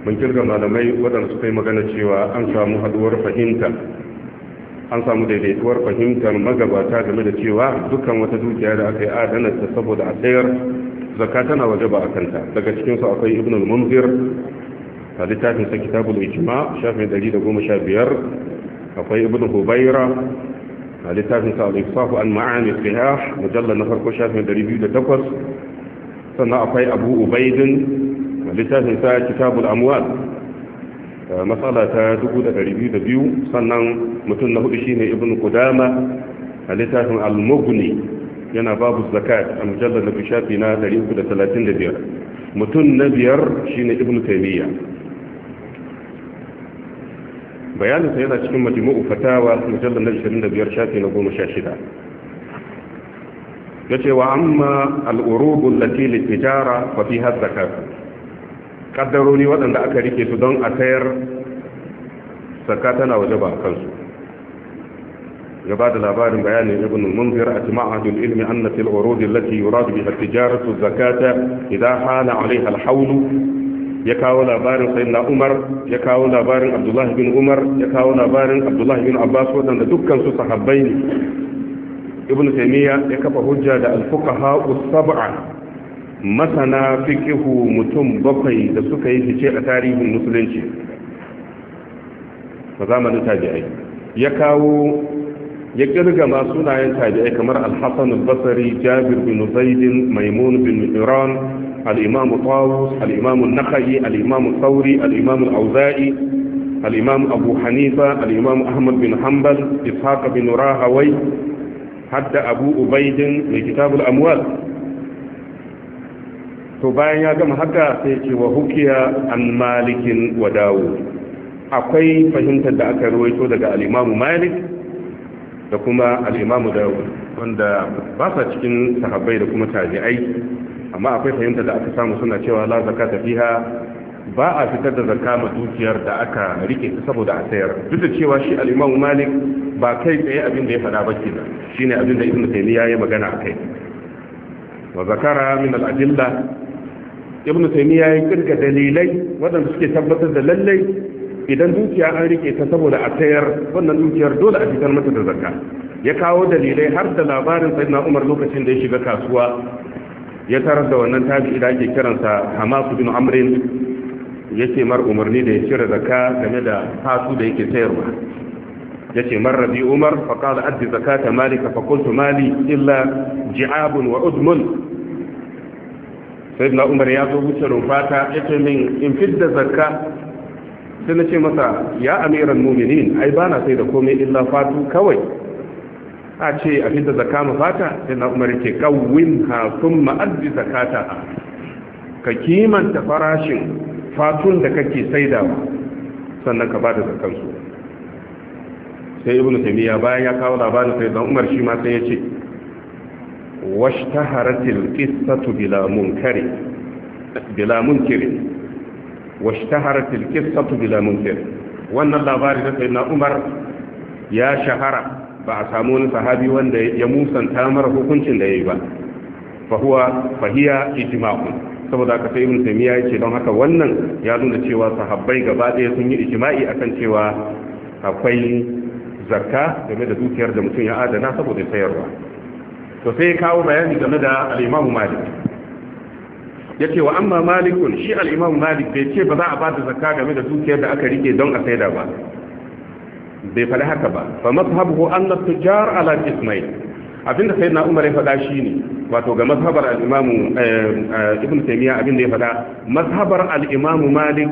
mun kirga malamai waɗanda suka yi magana cewa an samu haduwar fahimta an samu daidaituwar fahimtar magabata game da cewa dukkan wata dukiya da aka yi adanarta saboda a tsayar zakka tana waje ba a kanta daga cikin su akwai ibn al-munzir a littafin sa kitabul ijma shafin 115 akwai ibn hubaira a littafin sa al-ifsahu an ma'ani sihah mujallal na farko shafin 208 sannan akwai abu ubaidin littafin sa kitabul amwal eh, matsala ta 2,200 sannan mutum na hudu shine ibn kudama a littafin al-mughni yana babu zakat a mujallar na shafi na 335 mutum na biyar shine ibn taymiya bayaninsa yana cikin majmu'u fatawa mujallar na 25 shafi na 16 yace wa amma al-urubul lati lit-tijara fa fiha zakat kaddaroni waɗanda aka rike su don a sayar Saka tana waje ba kansu gaba da labarin bayanin ibn munzir a ma'adul ilmi anna fil urud allati yurad biha tijaratu zakata idha hala 'alayha al-hawl ya kawo labarin sayyidina umar ya kawo labarin abdullah bin umar ya kawo labarin abdullah bin abbas wadanda dukkan su sahabbai ne ibn taymiya ya kafa hujja da al-fuqaha us-sab'a masana fikihu mutum bakwai da suka yi fice a tarihin musulunci a zamanin tabi'ai ya kawo ya girgama sunayen tabi'ai kamar Alhassan basari jabir bin zaidin maimun bin iran al tawus al-imam an-nakhai al auzai al abu hanifa al ahmad bin hanbal ishaq bin rahawai hadda abu ubaidin mai kitabul amwal to bayan ya gama haka sai ce wa hukiya an malikin wa dawo akwai fahimtar da aka ruwaito daga al'imamu malik da kuma al'imamu dawo wanda ba sa cikin sahabbai da kuma tabi'ai amma akwai fahimtar da aka samu suna cewa la zakata fiha ba a fitar da zakka ma dukiyar da aka rike ta saboda a sayar duk da cewa shi Alimamu Malik ba kai tsaye abin da ya faɗa ba kenan shine abin da ibnu taymiya ya magana akai wa zakara min al-adilla ibn taymiya ya kirga dalilai waɗanda suke tabbatar da lallai idan dukiya an rike ta saboda a tayar wannan dukiyar dole a fitar mata da zakka ya kawo dalilai har da labarin sayyidina umar lokacin da ya shiga kasuwa ya tarar da wannan tabi'i da ake kiransa hamasu bin amrin ce mar umarni da ya cire zakka game da hasu da yake sayarwa yace mar rabi umar fa qala addi zakata malika fa qultu mali illa ji'abun wa udmun sai na umar ya zo wuce rumfata ya ce min in fidda zakka sai na ce masa ya amiran muminin ai ba na sai da komai illa fatu kawai a ce a fidda zakka ma fata sai na umar ke kawwin ha sun ma'addi zakata ka kimanta farashin fatun da kake saidawa sannan ka ba da zakkansu sai ibnu taymiya bayan ya kawo labarin sai dan umar shi ma sai ya ce washtaharatil qissatu bila munkari bila munkiri washtaharatil qissatu bila munkiri wannan Umar ya shahara ba a samu wani sahabi wanda ya musanta mara hukuncin da yayi ba fa huwa fahiya ijma'un saboda aka sai ibn taymiya don haka wannan ya nuna cewa sahabbai gaba ɗaya sun yi ijma'i akan cewa akwai zakka game da dukiyar da mutum ya adana saboda sayarwa to sai ya kawo bayani game da al'imamu malik ya ce wa amma malikun shi al'imamu malik bai ce ba za a ba da zakka game da dukiyar da aka rike don a saida ba bai faɗi haka ba fa mazhabu an na tujar ala ismail abinda na umar ya faɗa ne wato ga mazhabar al-imamu eh, ibn taymiya abinda ya faɗa mazhabar al-imamu malik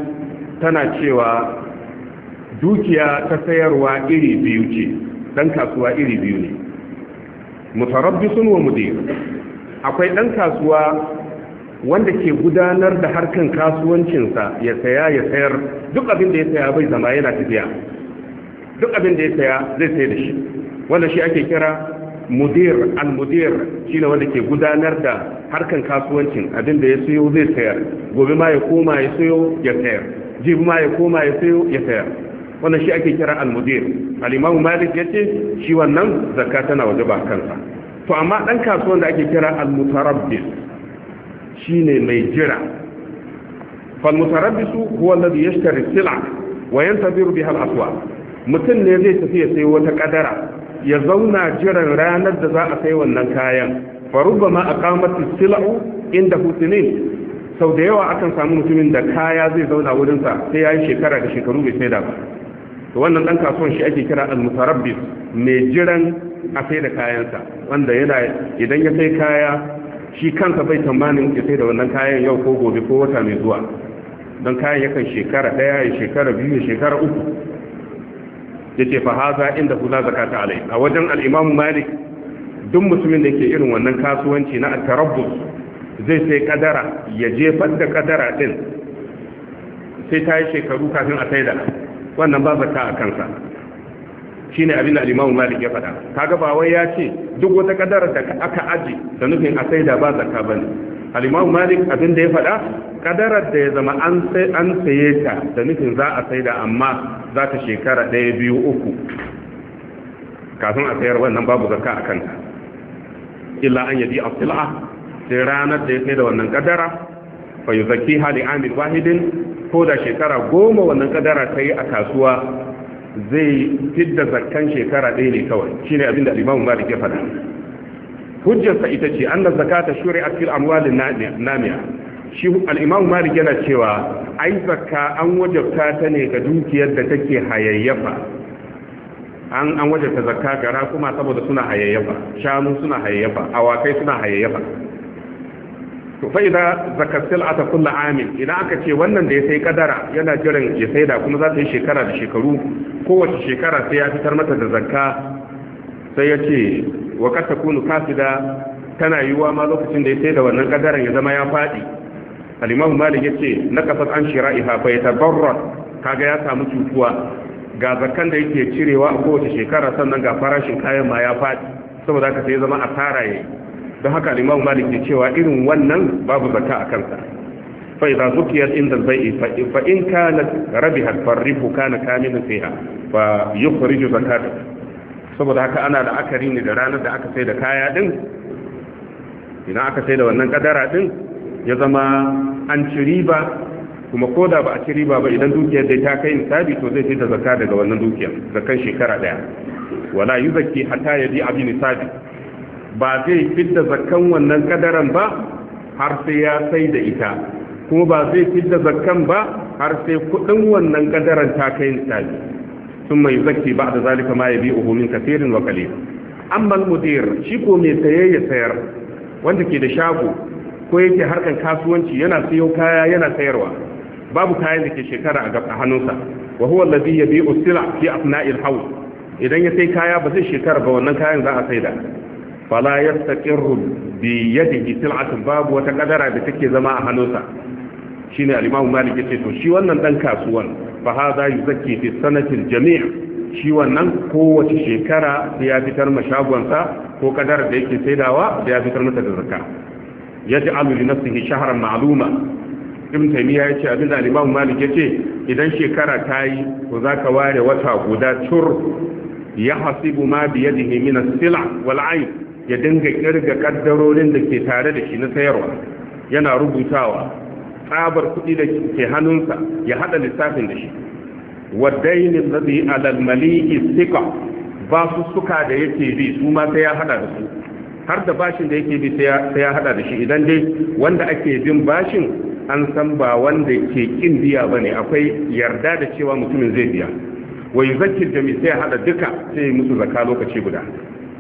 tana cewa dukiya ta sayarwa iri biyu ce dan kasuwa iri biyu ne mutarabbisun wa mudir akwai dan kasuwa wanda ke gudanar da harkan kasuwancinsa ya saya ya sayar duk abin da ya saya bai zama yana tafiya duk abin da ya saya zai sayar da shi wanda shi ake kira mudir al-mudir shine wanda ke gudanar da harkan kasuwancin abin da ya sayo zai sayar gobe ma ya koma ya sayo ya sayar jibi ma ya koma ya sayo ya sayar wannan shi ake kira al-mudir al imam malik yace shi wannan zakata tana wajaba kansa to amma dan kasuwan da ake kira al-mutarabbis shine mai jira fal mutarabbis huwa alladhi yashtari sila wa yantaziru biha al-aswaq mutum ne zai tafi ya sayi wata kadara ya zauna jiran ranar da za a sayi wannan kayan farubama ma a kamata sila'u inda hutune sau da yawa akan samu mutumin da kaya zai zauna wurinsa sai ya yi shekara da shekaru bai sai da ba to wannan dan kasuwan shi ake kira al-mutarabbis mai jiran a sai da kayansa wanda yana idan ya sai kaya shi kansa bai tambanin ya sai da wannan kayan yau ko gobe ko wata mai zuwa don kayan yakan shekara daya ya shekara biyu shekara uku yace fa haza inda kula zakata alai a wajen al-imam malik duk musulmin da yake irin wannan kasuwanci na al-tarabbus zai sai kadara ya jefar da kadara din sai ta yi shekaru kafin a sai da wannan ba zakka a kansa Shi ne abin da Imam Malik ya faɗa Ta ba wai ya ce duk wata kadara da aka aji da nufin a saida ba zakka ba ne. imam Malik abin da ya faɗa kadarar da ya zama an sai an saye ta da nufin za a saida amma za ta shekara ɗaya biyu uku kafin a sayar wannan babu zakka a kanta illa an yaji asila sai ranar da ya sai da wannan kadara fa Hali, Amin, amil wahidin ko da shekara goma wannan kadara ta yi a kasuwa zai fidda zakkan shekara ɗaya ne kawai Shi ne abin da limamu malik ya faɗa hujjarsa ita ce an da zakata a fil amwalin namiya shi al'imamu malik yana cewa ai zakka an wajabta ta ne ga dukiyar da take hayayyafa an an wajabta zakka gara kuma saboda suna hayayyafa shanu suna hayayyafa awakai suna hayayyafa to fa idan zakat sil'ata kullu amin idan aka ce wannan da ya sai kadara yana jiran ya sai da kuma za ta yi shekara da shekaru kowace shekara sai ya fitar mata da zakka sai ya ce wa kad takunu kafida tana yiwuwa ma lokacin da ya sai da wannan kadaran ya zama ya fadi al-imam malik yace nakasat an shira'iha fa yatabarra kaga ya samu cutuwa ga zakan da yake cirewa a kowace shekara sannan ga farashin kayan ma ya fadi saboda haka sai zama asara yayi don haka limam malik ke cewa irin wannan babu zata a kansa fa idza zukiyat inda zai baii fa in kanat rabihat farrifu kana kamilan fiha fa yukhriju zakat saboda haka ana da akari ne da ranar da aka sai da kaya din idan aka sai da wannan kadara din ya zama an ci riba kuma ko da ba a ci riba ba idan dukiyar dai ta kai misali to zai da zakka daga wannan dukiyar zakan shekara daya wala yuzaki hatta yadi abin nisabi ba zai fidda zakkan wannan kadaran ba har sai ya sai da ita kuma ba zai fidda zakan ba har sai kudin wannan kadaran ta kai nisabi sun mai zakki ba da zalika ma ya bi uhumin kafirin wa kalil amma mudir shi ko mai saye ya sayar wanda ke da shago ko yake harkan kasuwanci yana sayo kaya yana sayarwa babu kayan da ke shekara a hannunsa wa huwa alladhi yabi'u sila fi afna'il hawl idan ya sai kaya ba zai shekara ba wannan kayan za a da. fala yastaqirru bi yadihi sil'atun babu wata kadara da take zama a hannunsa shine al-Imam Malik yace to shi wannan dan kasuwan fa hadha yuzakki fi sanatil jami' shi wannan kowace shekara sai ya fitar mashagonsa ko kadar da yake saidawa da ya fitar mata da zakka yaj'alu li nafsihi shahran ma'luma ibn taymiya yace abin da al-Imam Malik yace idan shekara ta yi to zaka ware wata guda tur ya hasibu ma bi yadihi min as-sila wal 'ayn ya dinga kirga kaddarorin da ke tare da shi na sayarwa yana rubutawa tsabar kuɗi da ke hannunsa ya haɗa lissafin da shi wadainin zai alal mali'i sika ba su suka da yake bi su ma sai ya haɗa da su har da bashin da yake bi sai ya haɗa da shi idan dai wanda ake bin bashin an san ba wanda ke kin biya ba ne akwai yarda da cewa mutumin zai biya wai zakin da sai ya haɗa duka sai musu zaka lokaci guda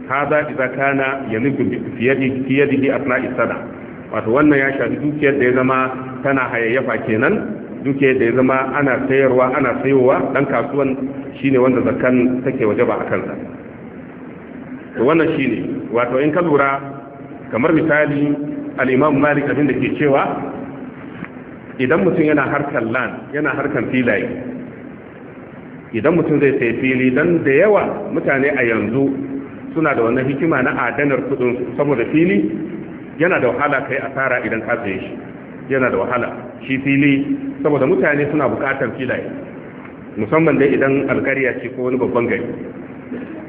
هذا idza كان yalibu في yadihi fi yadihi asna isana wato wannan ya shafi dukiyar da ya zama tana hayayyafa kenan dukiyar da ya zama ana sayarwa ana sayowa dan kasuwan shine wanda zakan take ba a kansa to wannan shine wato in ka lura kamar misali al-Imam Malik abin da ke cewa idan mutum yana harkar land yana harkar filaye idan mutum zai sayi fili dan da yawa mutane a yanzu suna da wannan hikima na adanar kudin saboda fili yana da wahala kai asara idan ka saye shi yana da wahala shi fili saboda mutane suna bukatar filaye musamman dai idan alkariya ce ko wani babban gari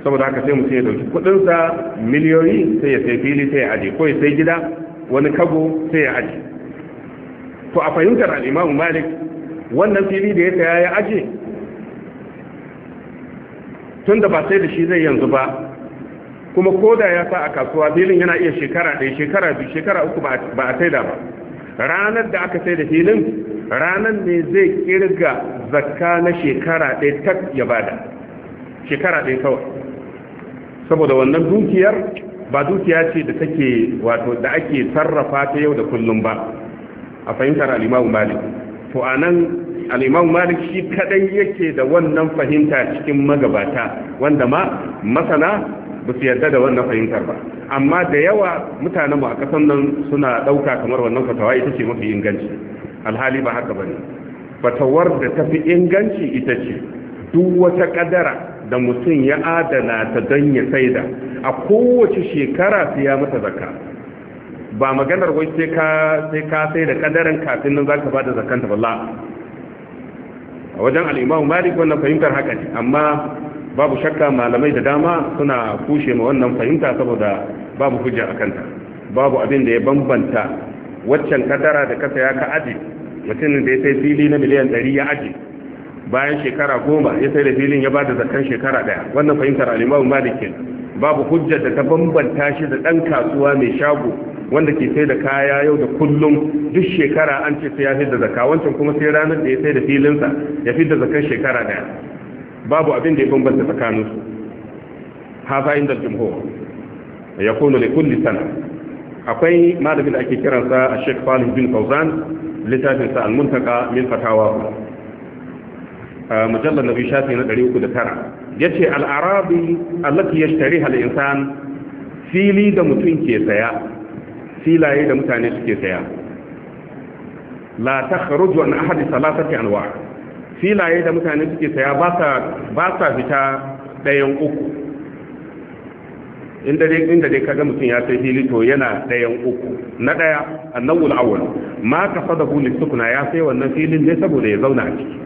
saboda haka sai mutum ya dauki sa miliyoyi sai ya sai fili sai ya aje ko ya sai gida wani kago sai ya aje to a fahimtar al'imamu malik wannan fili da ya saya ya aje tun da ba sai da shi zai yanzu ba kuma ko da ya sa a kasuwa filin yana iya shekara ɗaya shekara biyu shekara uku ba a saida ba ranar da aka saida filin ranar ne zai kirga zakka na shekara ɗaya tak ya bada shekara ɗaya kawai saboda wannan dukiyar ba dukiya ce da take wato da ake sarrafa ta yau da kullum ba a fahimtar al'imamu malik to a nan al'imamu malik shi kadai yake da wannan fahimta cikin magabata wanda ma masana ba su yarda da wannan fahimtar ba amma da yawa mutanen mu a kasan nan suna ɗauka kamar wannan fatawa ita ce mafi inganci alhali ba haka ba fatawar da ta fi inganci ita ce duk wata kadara da mutum ya adana ta don ya saida a kowace shekara su ya mata zakka ba maganar wai sai ka sai ka sai da kadaran kafin nan zaka bada zakanta balla a wajen al-Imam Malik wannan fahimtar haka ne amma babu shakka malamai da dama suna kushe ma wannan fahimta saboda babu hujja a kanta babu abin da ya bambanta waccan kadara da kasa ya ka aji mutumin da ya sai fili na miliyan ɗari ya aji bayan shekara goma ya sai da filin ya ba da zakan shekara ɗaya wannan fahimtar alimawu maliki babu hujja da ta bambanta shi da dan kasuwa mai shago wanda ke sai da kaya yau da kullum duk shekara an ce sai ya fi da zaka wancan kuma sai ranar da ya sai da filinsa ya fi da zakan shekara daya babu abin da ya bambanta tsakanin su fa inda jumhur ya kunu li kulli sana akwai malamin da ake kiransa a Sheikh Falim bin Fauzan littafin sa al-muntaka min fatawa mujallal nabi shafi na 309 yace al-arabi allati yashtariha al-insan fili da mutum ke saya filaye da mutane suke saya la takhruju an ahadi salasati anwa' filaye da mutane suke saya ba sa fita ɗayan uku inda dai kaga mutum ya sai fili to yana ɗayan uku na ɗaya annawul awwal ma ka kasadahu sukuna ya sai wannan filin ne saboda ya zauna a ciki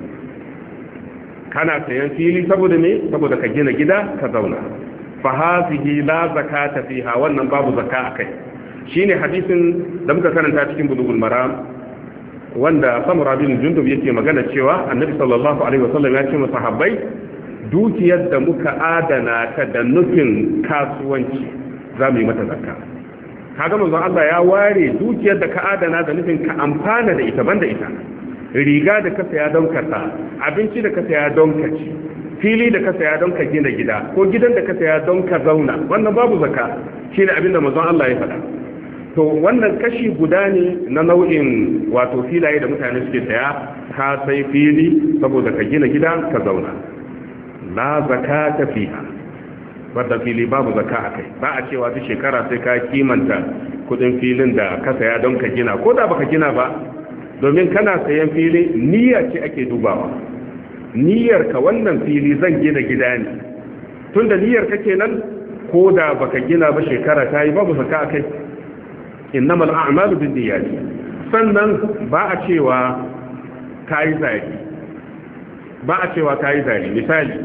kana sayan fili saboda me saboda ka gina gida ka zauna fa hazihi la zakata fiha wannan babu zakka akai shine hadisin da muka karanta cikin bulugul maram wanda samura bin jundub yake magana cewa annabi sallallahu alaihi wasallam ya ce masahabbai dukiyar da muka adana ka da nufin kasuwanci za mu yi mata zakka kaga manzon Allah ya ware dukiyar da ka adana da nufin ka amfana da ita banda ita riga da ka saya don ka sa abinci da ka saya don ka ci fili da ka saya don ka gina gida ko gidan da ka saya don ka zauna wannan babu zakka shine abinda manzon Allah ya faɗa to wannan kashi guda ne na nau'in wato filaye da mutane suke saya ka sai fili saboda ka gina gida ka zauna la zakata fiha wadda fili babu zaka a kai ba a cewa duk shekara sai ka kimanta kudin filin da ka saya don ka gina ko da baka gina ba domin kana sayan fili niyya ce ake dubawa niyyar ka wannan fili zan gina gida ne tunda niyyar ka kenan ko da baka gina ba shekara ta yi babu zaka a kai innamal a'malu binniyati sannan ba a cewa yi zari ba a cewa yi zari misali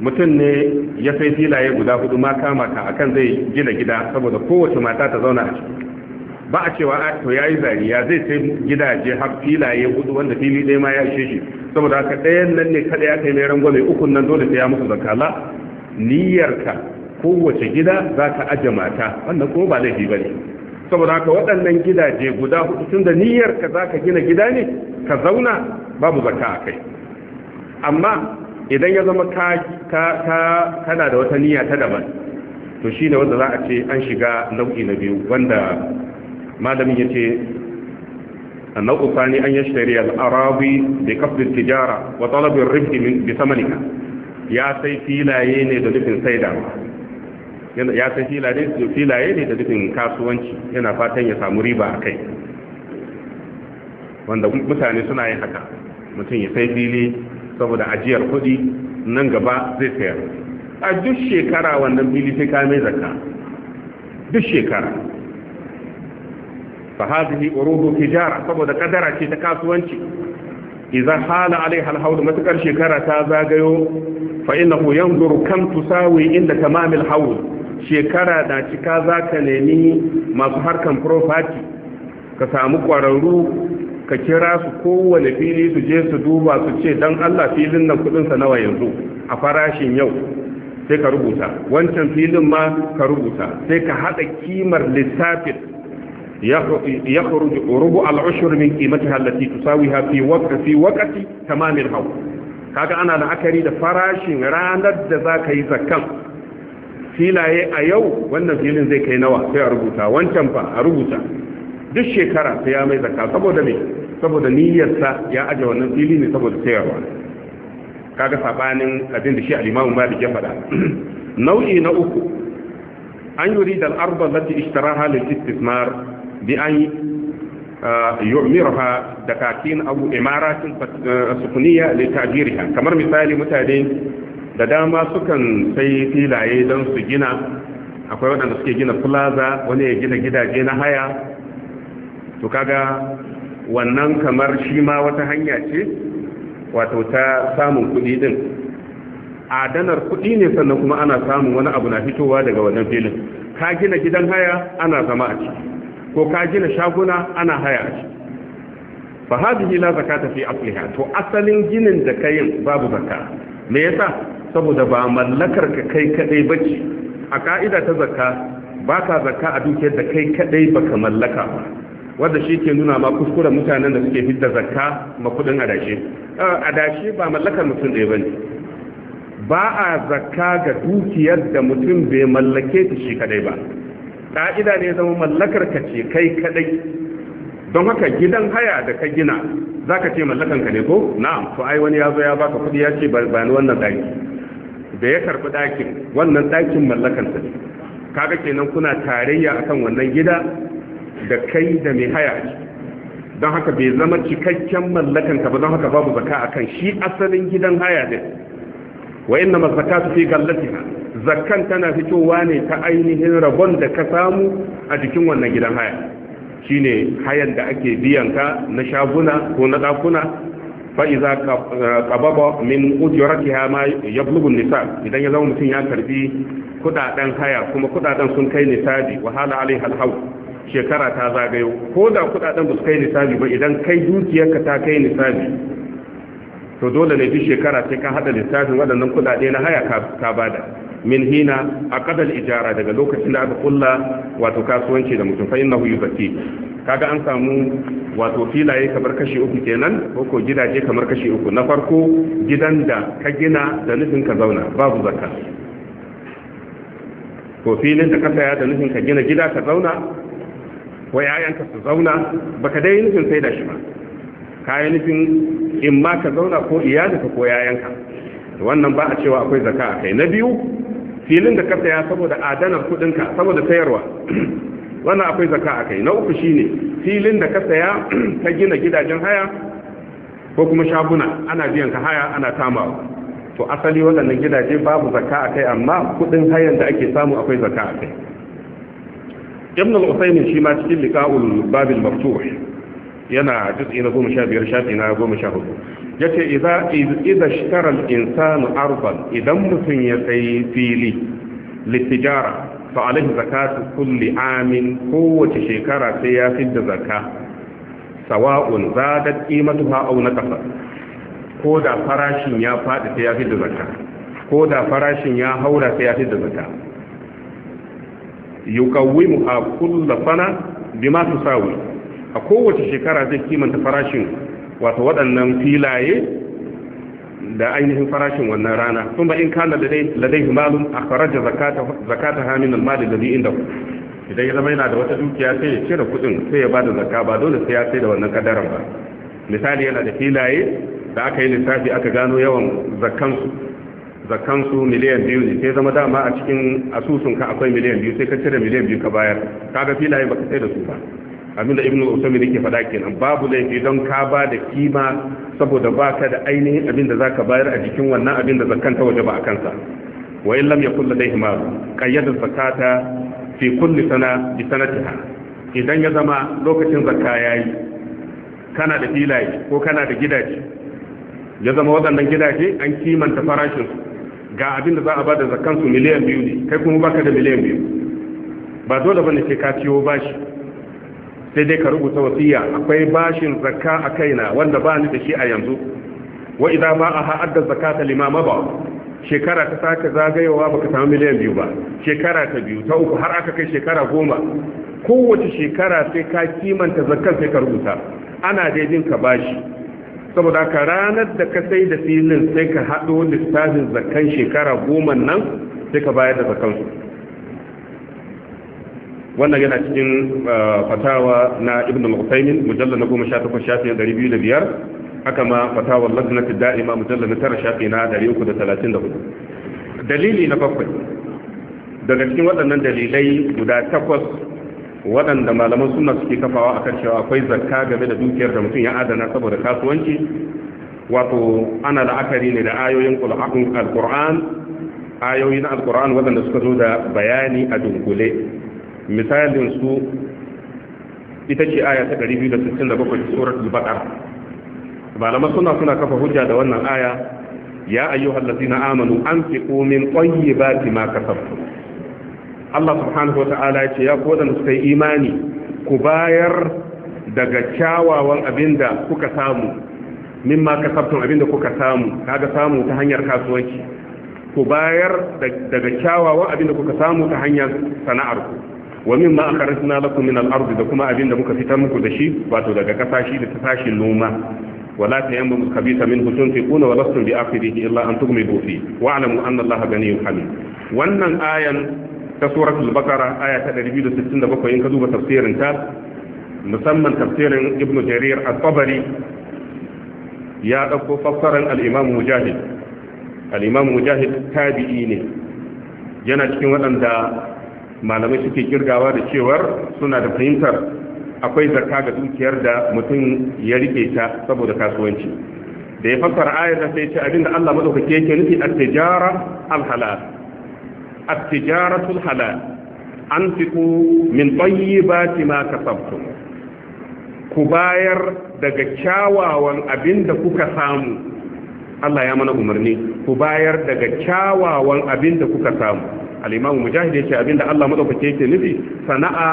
mutum ne ya sai filaye guda hudu ma kama ka akan zai gina gida saboda kowace mata ta zauna a ciki ba a cewa to ya yi zari ya zai sai gidaje har filaye hudu wanda fili ɗaya ma ya ishe shi saboda haka ɗayan nan ne kada ya kai mai rangwame ukun nan dole sai ya musu zakala niyyarka kowace gida za ka aje mata wannan ko ba laifi ba ne saboda haka waɗannan gidaje guda hudu tun da niyyar ka za ka gina gida ne ka zauna babu zaka a kai amma idan ya zama ka kana da wata niyya ta daban to shi ne wanda za a ce an shiga nau'i na biyu wanda malamin ya ce a nau'u sani an yi shari'a al'arabi da kafin tijara wa talabin rifki bisamanika ya sai filaye ne da nufin saidawa ya san filaye ne da dukkan kasuwanci yana fatan ya samu riba a kai wanda mutane suna yin haka mutum ya sai fili saboda ajiyar kuɗi nan gaba zai sayar a duk shekara wannan fili sai kame zaka duk shekara fa hadhihi urudu tijara saboda kadara ce ta kasuwanci idan hala alaiha alhawl matakar shekara ta zagayo fa innahu yanzuru kam tusawi inda tamamil hawl shekara na cika za ka nemi masu harkan profati ka samu ƙwararru ka kira su kowane fili su je su duba su ce don allah filin nan kudinsa nawa yanzu a farashin yau sai ka rubuta wancan filin ma ka rubuta sai ka haɗa kimar lissafin ya rubu al'ushur min kimata hallati sawi fi wakati waqti tamamil hau kaga ana la'akari da farashin ranar da za ka yi zakkan filaye a yau wannan filin zai kai nawa sai a rubuta wancan fa a rubuta duk shekara sai ya mai zakka saboda me saboda niyyarsa ya aje wannan fili ne saboda sayarwa kaga sabanin abin da shi al-Imam Malik ya faɗa [CLEARS THROAT] nau'i na uku an yurida al-arda lati ishtaraha lil istismar bi an ah, yu'mirha dakakin abu imaratin ah, sukuniya li ta'jiriha kamar misali mutane da dama sukan sai filaye don su gina akwai waɗanda suke gina plaza wani ya gina gidaje na haya to kaga wannan kamar shi ma wata hanya ce wato ta samun kuɗi din adanar kuɗi ne sannan kuma ana samun wani abu na fitowa daga wannan filin ka gina gidan haya ana zama a ciki ko ka gina shaguna ana haya a ciki fa hadhihi la zakata fi asliha to asalin ginin da kayin babu zakka me yasa saboda ba mallakar ka kai kadai bace a ka'ida ta zakka baka zakka a dukiyar da kai kadai baka mallaka ba wanda shi ke nuna ma kuskuren mutanen da suke fitar zakka makudin adashe adashe ba mallakar mutum ɗaya bane ba a zakka ga dukiyar da mutum bai mallake ta shi kadai ba ka'ida ne zama mallakar ka ce kai kadai don haka gidan haya da ka gina zaka ce mallakan ka ne ko na'am to ai wani ya zo ya baka kuɗi ya ce ba wannan daki da ya karbi ɗakin wannan ɗakin mallakansa ne kaga kenan kuna tarayya akan wannan gida da kai da mai haya don haka bai zama cikakken mallakanka ba don haka babu zaka akan shi asalin gidan haya ne wa inna mazakatu fi gallatina zakkan tana fitowa ne ta ainihin rabon da ka samu a jikin wannan gidan haya shine hayan da ake biyan ka na shaguna ko na dakuna fa'iza ƙababa min ujuratiha ma yablughun nisa idan ya zama mutum ya karɓi kuɗaɗen haya kuma kuɗaɗen sun kai nisabi wahala alaiha alhaw shekara ta zagayo ko da kuɗaɗen basu kai nisabi ba idan kai dukiyarka ta kai nisabi to dole ne duk shekara sai ka haɗa lissafin waɗannan kuɗaɗe na haya ka bada min hina a kadal ijara daga lokacin da aka kulla wato kasuwanci da mutum fa'in nahu yuzaki kaga an samu wato filaye kamar kashi uku kenan ko ko gidaje kamar kashi uku na farko gidan da ka gina da nufin ka zauna babu zakka ko filin da ka saya da nufin ka gina gida ka zauna ko yayanka su zauna baka dai nufin sai da shi ba kayan nufin in ma ka zauna ko iyalinka ko yayanka wannan ba a cewa akwai zaka a kai na biyu filin da ka saya saboda adanar kudinka saboda sayarwa [CLEARS THROAT] wannan akwai zaka a kai na uku shine filin da ka saya [CLEARS THROAT] ka gina gidajen haya ko kuma shaguna ana biyan ka haya ana tamawa to asali waɗannan gidaje babu zaka a kai amma kudin hayan da ake samu akwai zaka a kai ibn al-usaymin shi ma cikin liqa'ul babil maftuh yana juz'i na goma sha biyar shafi na goma sha hudu ya ce idan shitarar insanu arban idan mutum ya sayi fili littijara fa alaihi zakatu kulli amin kowace shekara sai ya fi da zaka sawa'un zadat qimatuha aw naqasa ko da farashin ya fadi sai ya fi da zaka ko da farashin ya haura sai ya fi da zaka yuqawwimuha kullu fana bima tusawi a kowace shekara zai kimanta farashin wato waɗannan filaye da ainihin farashin wannan rana sun ba in kana dai malum a faraja zakata haminan mali da inda idan ya zama yana da wata dukiya sai ya cire kudin sai ya ba da zaka ba dole sai ya sai da wannan kadarar ba misali yana da filaye da aka yi lissafi aka gano yawan zakansu zakansu miliyan biyu ne sai zama dama a cikin asusunka akwai miliyan biyu sai ka cire miliyan biyu ka bayar kaga filaye baka sai da su ba Abin da ibn usaimin yake faɗa kenan babu laifi don ka ba da kima saboda ba ka da ainihin abin da zaka bayar a jikin wannan abin da zakkan ta waje ba a kansa wa in lam yakul ladayhi ma qayyada zakata fi kulli sana bi sanatiha idan ya zama lokacin zakka yayi kana da filaye ko kana da gidaje ya zama waɗannan gidaje an kimanta farashin ga abin da za a bada zakkan su miliyan biyu ne kai kuma baka da miliyan biyu ba dole bane sai ka ciwo bashi sai dai ka rubuta wasiya akwai bashin zakka a kaina wanda ba ni da shi a yanzu wa idza a aha adda zakata lima maba shekara ta sake zagayowa baka samu miliyan biyu ba shekara ta biyu ta uku har aka kai shekara goma kowace shekara sai ka kimanta zakkan sai ka rubuta ana daidin ka bashi saboda ka ranar da ka sai da filin sai ka haɗo littafin zakkan shekara goma nan sai ka bayar da zakkansu wannan yana cikin uh, fatawa na ibn al-usaymin mujalla na goma sha takwas shafi na ɗari biyu da biyar haka ma fatawa lajnati da'ima mujalla na tara shafi na ɗari uku da talatin da hudu dalili na bakwai daga cikin waɗannan dalilai guda takwas waɗanda malaman suna suke kafawa akan cewa akwai zakka game da dukiyar da mutum ya adana saboda kasuwanci wato ana la'akari ne da ayoyin al alkur'an ayoyin alkur'an waɗanda suka zo da bayani a dunkule misalin su ita ce aya ta 267 suratul baqara malama suna suna kafa hujja da wannan aya ya ayyuhal ladina amanu anfiqu min tayyibati ma kasabtum Allah subhanahu wata'ala ya ce ya kodan suka yi imani ku bayar daga kyawawan abinda kuka samu mimma kasabtum abinda kuka samu kaga samu ta hanyar kasuwanci ku bayar daga kyawawan abinda kuka samu ta hanyar sana'arku wa min ma akhrajna lakum min al-ardi da kuma abinda muka fitar muku da shi wato daga kasashi da tasashin noma wala tayammamu khabitha minhu tunfiquna wa lastum bi akhirihi illa an tughmidu fi wa'lamu anna Allaha ganiyyun hamid wannan ayan ta suratul baqara aya ta 267 in ka duba tafsirin ta musamman tafsirin ibn jarir at-tabari ya dauko fassaran al-imam mujahid al-imam mujahid tabi'i ne yana cikin waɗanda malamai suke kirgawa da cewar suna da fahimtar akwai zarka ga dukiyar da mutum ya rike ta saboda kasuwanci da ya fassar ayar da sai ce abinda Allah madaukake yake nufi at-tijara al-halal at-tijaratu al-halal anfiqu min tayyibati ma kasabtum ku bayar daga kyawawan abinda kuka samu Allah ya mana umarni ku bayar daga kyawawan abinda kuka samu al-imam mujahid yace abinda Allah madaukake yake nufi sana'a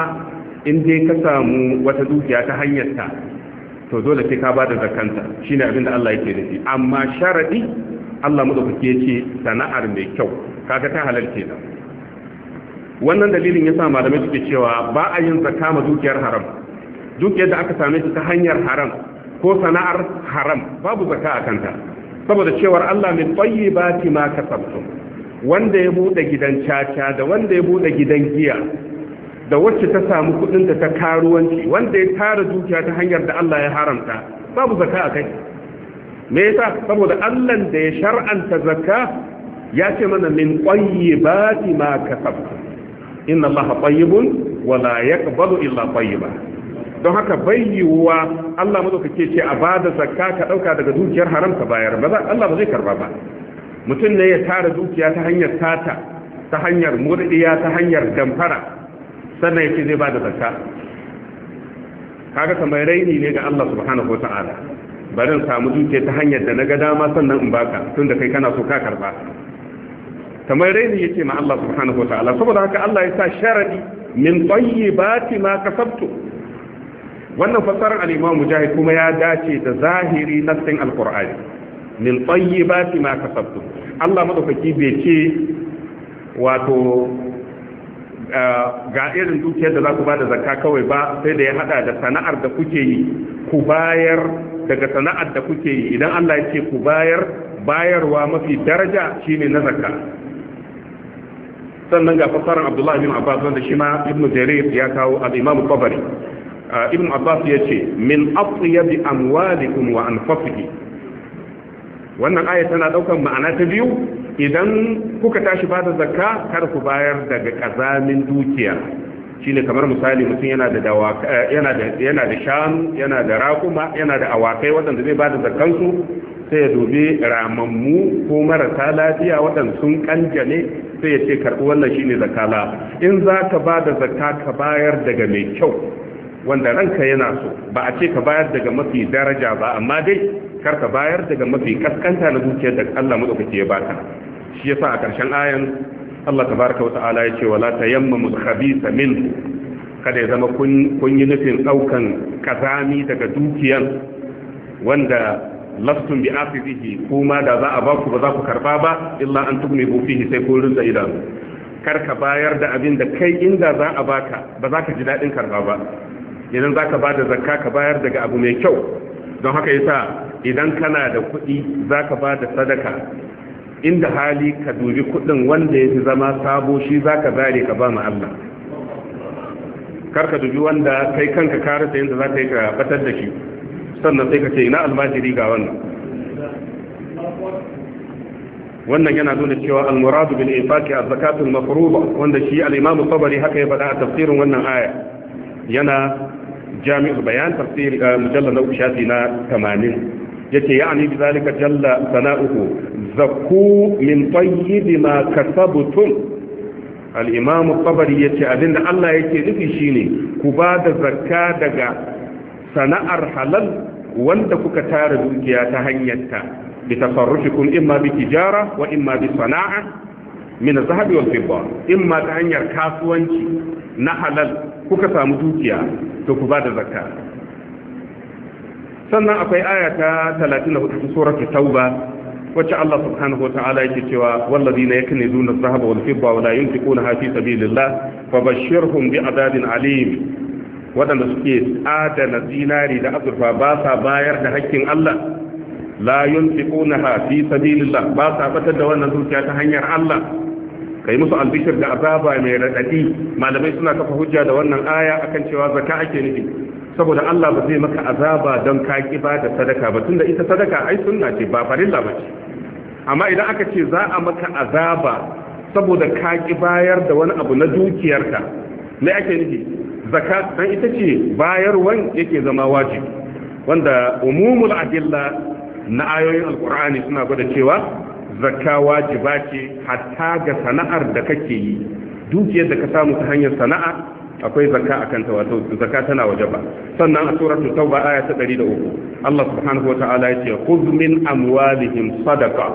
in dai ka samu wata dukiya ta hanyar ta to dole sai ka bada zakanta shine abinda Allah yake nufi amma sharadi Allah madaukake ce sana'ar mai kyau kaga ta halal da. wannan dalilin ya yasa malamai suke cewa ba a yin zakka ma dukiyar haram dukiyar da aka same shi ta hanyar haram ko sana'ar haram babu zakka a kanta saboda cewar Allah min tayyibati ma kasabtum wanda ya buɗe gidan caca da wanda ya buɗe gidan giya da wacce ta samu kuɗin ta karuwanci wanda ya tara dukiya ta hanyar da Allah ya haramta babu zakka a kai me yasa saboda Allah da ya shar'anta zakka ya ce mana min qayyibati ma kasab inna Allah tayyibun wa la yaqbalu illa tayyiba don haka bayyuwa Allah madaukake ce a bada zakka ka dauka daga dukiyar haram ka bayar ba Allah ba zai karba ba mutum ne ya tara dukiya ta hanyar tata, ta hanyar murdiya ta hanyar damfara sannan ya ce zai ba da zakka kaga kamar raini ne ga Allah subhanahu wataala barin samu dukiya ta hanyar da na ga dama sannan in baka tunda kai kana so ka karba kamar raini yake ma Allah subhanahu wataala saboda haka Allah ya sa sharadi min tayyibati ma kasabtu wannan fasarar al-Imam Mujahid kuma ya dace da zahiri nassin al-Qur'ani min tayyibati ma kasabtu Allah madaukaki bai ce wato ah, ga irin dukiyar da za ku ba da zakka kawai ba sai da ya hada da sana'ar da kuke yi ku bayar daga sana'ar da kuke yi idan Allah ya ce ku bayar bayarwa mafi daraja shine na zakka sannan ga fasaran Abdullah bin Abbas wanda shi ma Ibn Jarir ya kawo al-Imam Tabari ah, Ibn Abbas ya ce min atyabi amwalikum wa anfusikum wannan aya tana daukan ma'ana ta biyu idan kuka tashi ba da zakka kar ku bayar daga kazamin dukiya shine kamar misali mutum yana da eh, yana da yana da shanu yana da raƙuma yana da awakai waɗanda zai bada da su sai ya dubi ramammu ko marasa lafiya wadanda sun kanjane sai ya ce karɓi wannan shine zakala in za ka ba da zakka ka bayar daga mai kyau wanda ranka yana so ba a ce ka bayar daga mafi daraja ba amma dai karka bayar daga mafi kaskanta na dukiyar da Allah madaukake ya baka shi yasa a karshen ayan Allah tabaraka wa ta'ala ya ce wala yamma khabitha min kada ya zama kun yi nufin daukan kazami daga dukiyar wanda lastum bi afifihi kuma da za a baku ba za ku karba ba illa an bu fihi sai kun rinza idan kar bayar da abin da kai inda za a baka ba za ka ji dadin karba ba idan za ka ba da zakka ka bayar daga abu mai kyau don haka yasa idan kana da kuɗi za ka ba da sadaka inda hali ka dubi kuɗin wanda ya fi zama sabo shi za ka zare ka ba mu Allah ka dubi wanda kai kanka ka rasa za zaka yi ka batar da shi sannan sai ka ce ina almajiri ga wannan wannan yana nuna cewa almuradu bil infaqi az-zakatu al-mafruḍa wanda shi al-imam tabari haka ya faɗa a tafsirin wannan aya yana jami'ul bayan tafsir eh, mujallal na shafi na 80 yace ya'ani bi zalika jalla sana'uhu zakku min tayyib ma kasabtum al-imam at-tabari yace abinda Allah yake nufi shine ku ba da zakka daga sana'ar halal wanda kuka tara dukiya ta hanyarta bi tasarrufikum imma bi tijara wa imma bi sana'a min az-zahabi wal fidda imma ta hanyar kasuwanci na halal kuka samu dukiya to ku ba da zakka sannan akwai ayata ta 34 ta tauba wacce Allah subhanahu wa ta'ala yake cewa wallazina yaknizuna adh-dhahaba wal-fidda wa la yunfiquna fi sabilillah fabashshirhum bi'adabin alim wadanda suke adana zinari da azurfa ba sa bayar da hakkin Allah la yunfiquna fi sabilillah ba sa fatar da wannan dukiya ta hanyar Allah Ka yi musu albishir da azaba mai raɗaɗi. malamai suna kafa hujja da wannan aya akan cewa zakka ake nufi saboda Allah ba zai maka azaba don ka kiba da sadaka ba tunda ita sadaka ai sunna ce ba farilla ba ce amma idan aka ce za a maka azaba saboda ka bayar da wani abu na dukiyarka me ake nufi zakka dan ita ce bayarwan yake zama wajibi wanda umumul adilla na ayoyin alqur'ani suna gwada cewa zakka wajiba ce hatta ga sana'ar da kake yi dukiyar da ka samu ta hanyar sana'a akwai zakka akan ta wato zakka tana wajaba sannan a suratul tauba aya ta 103 Allah subhanahu wataala yace khudh min amwalihim sadaqa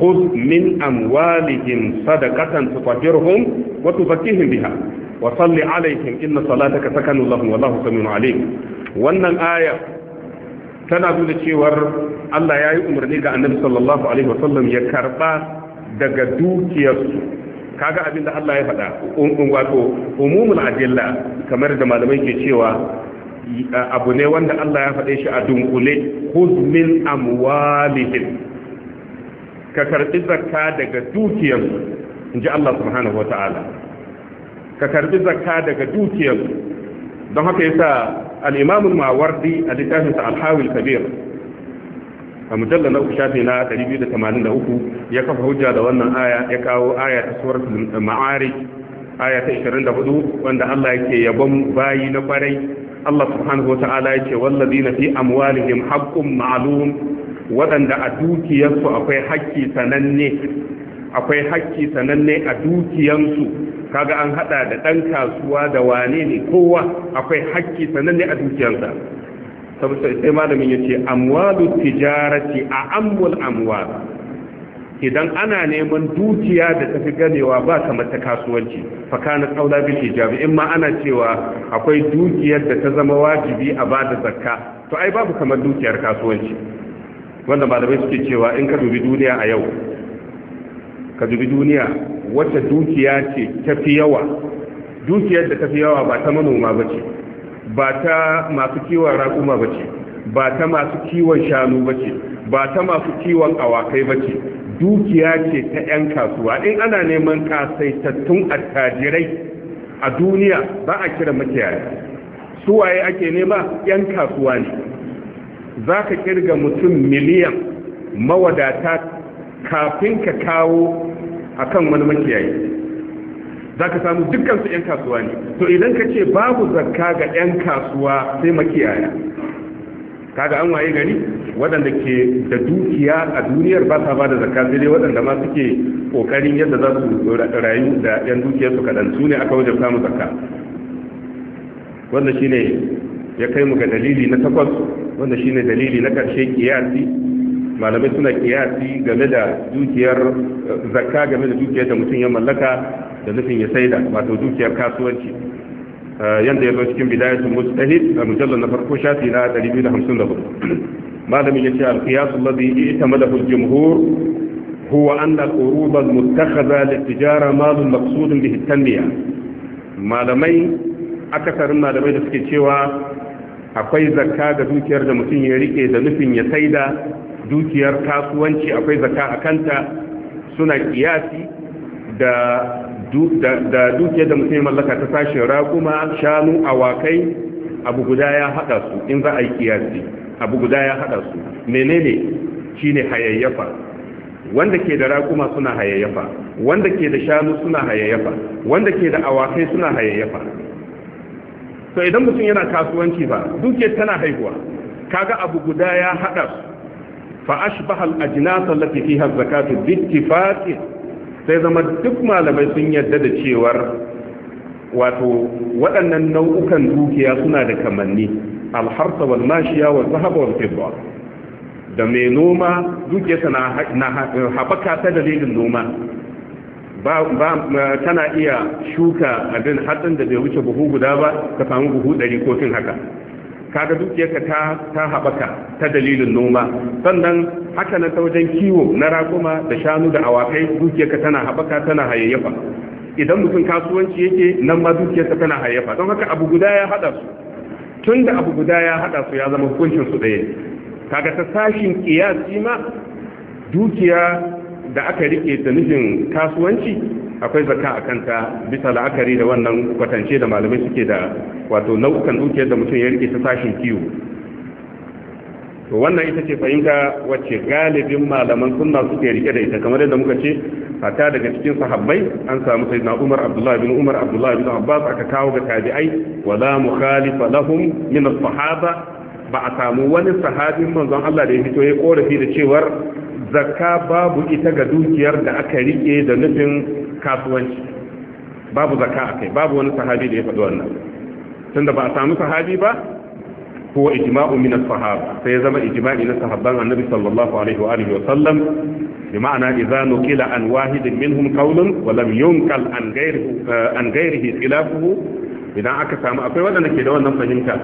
khudh min amwalihim sadaqatan tutahhiruhum wa tuzakkihim biha wa salli alaihim inna salataka sakanu lahum wallahu samiun alim wannan aya tana nuna cewar Allah ya yi umarni ga annabi sallallahu alaihi wasallam ya karba daga dukiyarsu kaga abin da Allah ya faɗa um, um, wato umumul adilla kamar da malamai ke cewa abu ne wanda Allah ya faɗe shi a dunkule khudh min amwalihim ka karbi zakka daga dukiyarsu inji Allah subhanahu wataala ka karbi zakka daga dukiyar. don haka yasa al-imam al-mawardi a littafin sa al-hawil kabir a mujalla na uku shafi na 283 ya kafa hujja da wannan aya ya kawo aya ta suratul ma'arij aya ta 24 wanda Allah yake yabon bayi na kwarai Allah subhanahu wata'ala yake wallazina fi amwalihim haqqun ma'lum wadanda a dukiyarsu akwai haƙƙi sananne akwai haƙƙi sananne a dukiyarsu. kaga an hada da dan kasuwa da wane ne kowa akwai hakki sananne a dukiyarsa saboda sai malamin ya ce amwalu tijarati a amul amwal idan ana neman dukiya da tafi ganewa ba kamar ta kasuwanci fakana kaula bil ijabi in ma ana cewa akwai dukiyar da ta zama wajibi a ba da zakka to ai babu kamar dukiyar kasuwanci wanda malamai suke cewa in ka dubi duniya a yau ka dubi duniya wata dukiya ce tafi yawa dukiyar da tafi yawa ba ta manoma ba ce ba ta masu kiwon raƙuma ba ce ba ta masu kiwon shanu ba ce ba ta masu kiwon awakai ba ce dukiya ce ta 'yan kasuwa in ana neman kasaitattun attajirai a duniya ba a kira makiyaya suwaye ake nema 'yan kasuwa ne za ka kirga mutum miliyan mawadata kafin ka kawo a kan wani makiyayi za ka samu dukansu 'yan kasuwa ne to idan ka ce babu zakka ga 'yan kasuwa sai makiyaya kaga an waye gari waɗanda ke da dukiya a duniyar ba ta ba da zakka sai dai waɗanda ma suke kokarin yadda za su rayu da 'yan dukiyar su kaɗan su ne aka wajen samu zakka wanda shine ya kai mu ga dalili na takwas wanda shine dalili na ƙarshe kiyasi malamai suna kiyasi game da dukiyar zakka game da dukiyar da mutum ya mallaka da nufin ya saida wato dukiyar kasuwanci eh, yanda ya zo cikin bidayatul mustahid a mujallar na farko shafi na 254 malamin yace al-qiyas ita i'tamadahu al hur, huwa anna al-urub al-muttakhadha lit-tijara malun maqsudun bihi at-tanmiya malamai akasarin malamai da suke cewa akwai zakka ga dukiyar da mutum ya rike da nufin ya saida dukiyar kasuwanci akwai zaka a kanta suna kiyasi da dukiyar da mutum mallaka ta sashin raguma shanu awakai abu guda ya haɗa su in za a yi kiyasi abu guda ya haɗa su menene shine hayayyafa wanda ke da raguma suna hayayyafa wanda ke da shanu suna hayayyafa wanda ke da awakai suna hayayyafa to idan mutum yana kasuwanci ba dukiyar tana haihuwa kaga abu guda ya haɗa. su fa ashbaha al-ajnas allati fiha az-zakatu sai zama duk malamai sun yarda da cewar wato waɗannan nau'ukan dukiya suna da kamanni al-harsa wal mashiya da mai noma dukiyarsa na haɓaka ta dalilin noma ba tana iya shuka abin hatsin da bai wuce buhu guda ba ka samu buhu ɗari ko fin haka kaga dukiyarka ta ta haɓaka ta dalilin noma sannan haka na ta wajen kiwo na raguma da shanu da awakai dukiyarka tana haɓaka tana hayayyafa idan mutum kasuwanci yake nan ma dukiyarsa tana hayayyafa don haka abu guda ya haɗa su tun da abu guda ya haɗa su ya zama hukuncin su ɗaya kaga ta sashin kiyasi ma dukiya da aka rike da nufin kasuwanci akwai zaka a kanta bisa la'akari da wannan kwatance da malamai suke da wato nau'ukan dukiyar da mutum ya rike ta sashin kiwo to wannan ita ce fahimta wacce galibin malaman sunna suke rike da ita kamar yadda muka ce fata daga cikin sahabbai an samu na Umar Abdullah bin Umar Abdullah bin Abbas aka kawo ga tabi'ai wala mukhalifa lahum min as-sahaba ba a samu wani sahabin manzon Allah da ya fito ya korafi da cewar zakka babu ita ga dukiyar da aka rike da nufin kasuwanci babu a kai, babu wani sahabi da ya faɗi wannan tun da ba a samu sahabi ba ko ijma'u min as-sahaba sai zama ijma'i na sahabban annabi sallallahu alaihi wa alihi wa sallam bi ma'ana idza nuqila an wahidin minhum qawlun wa lam yunqal an ghayrihi eh, an ghayrihi khilafuhu idan aka samu akwai waɗanda ke da wannan fahimta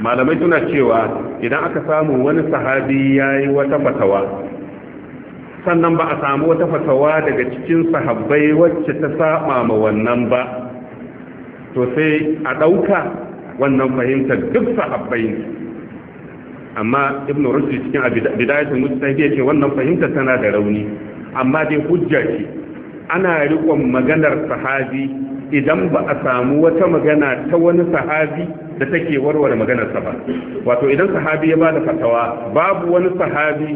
malamai suna cewa idan aka samu wani sahabi yayi wata fatawa sannan ba a samu wata fatawa daga cikin sahabbai wacce ta saba ma wannan ba to sai a ɗauka wannan fahimtar duk sahabbai amma ibn rushd cikin bidayatul mustahid yace wannan fahimtar tana da rauni amma dai hujja ce ana riƙon maganar sahabi idan ba a samu wata magana ta wani sahabi da take warware maganarsa ba wato idan sahabi ya bada fatawa babu wani sahabi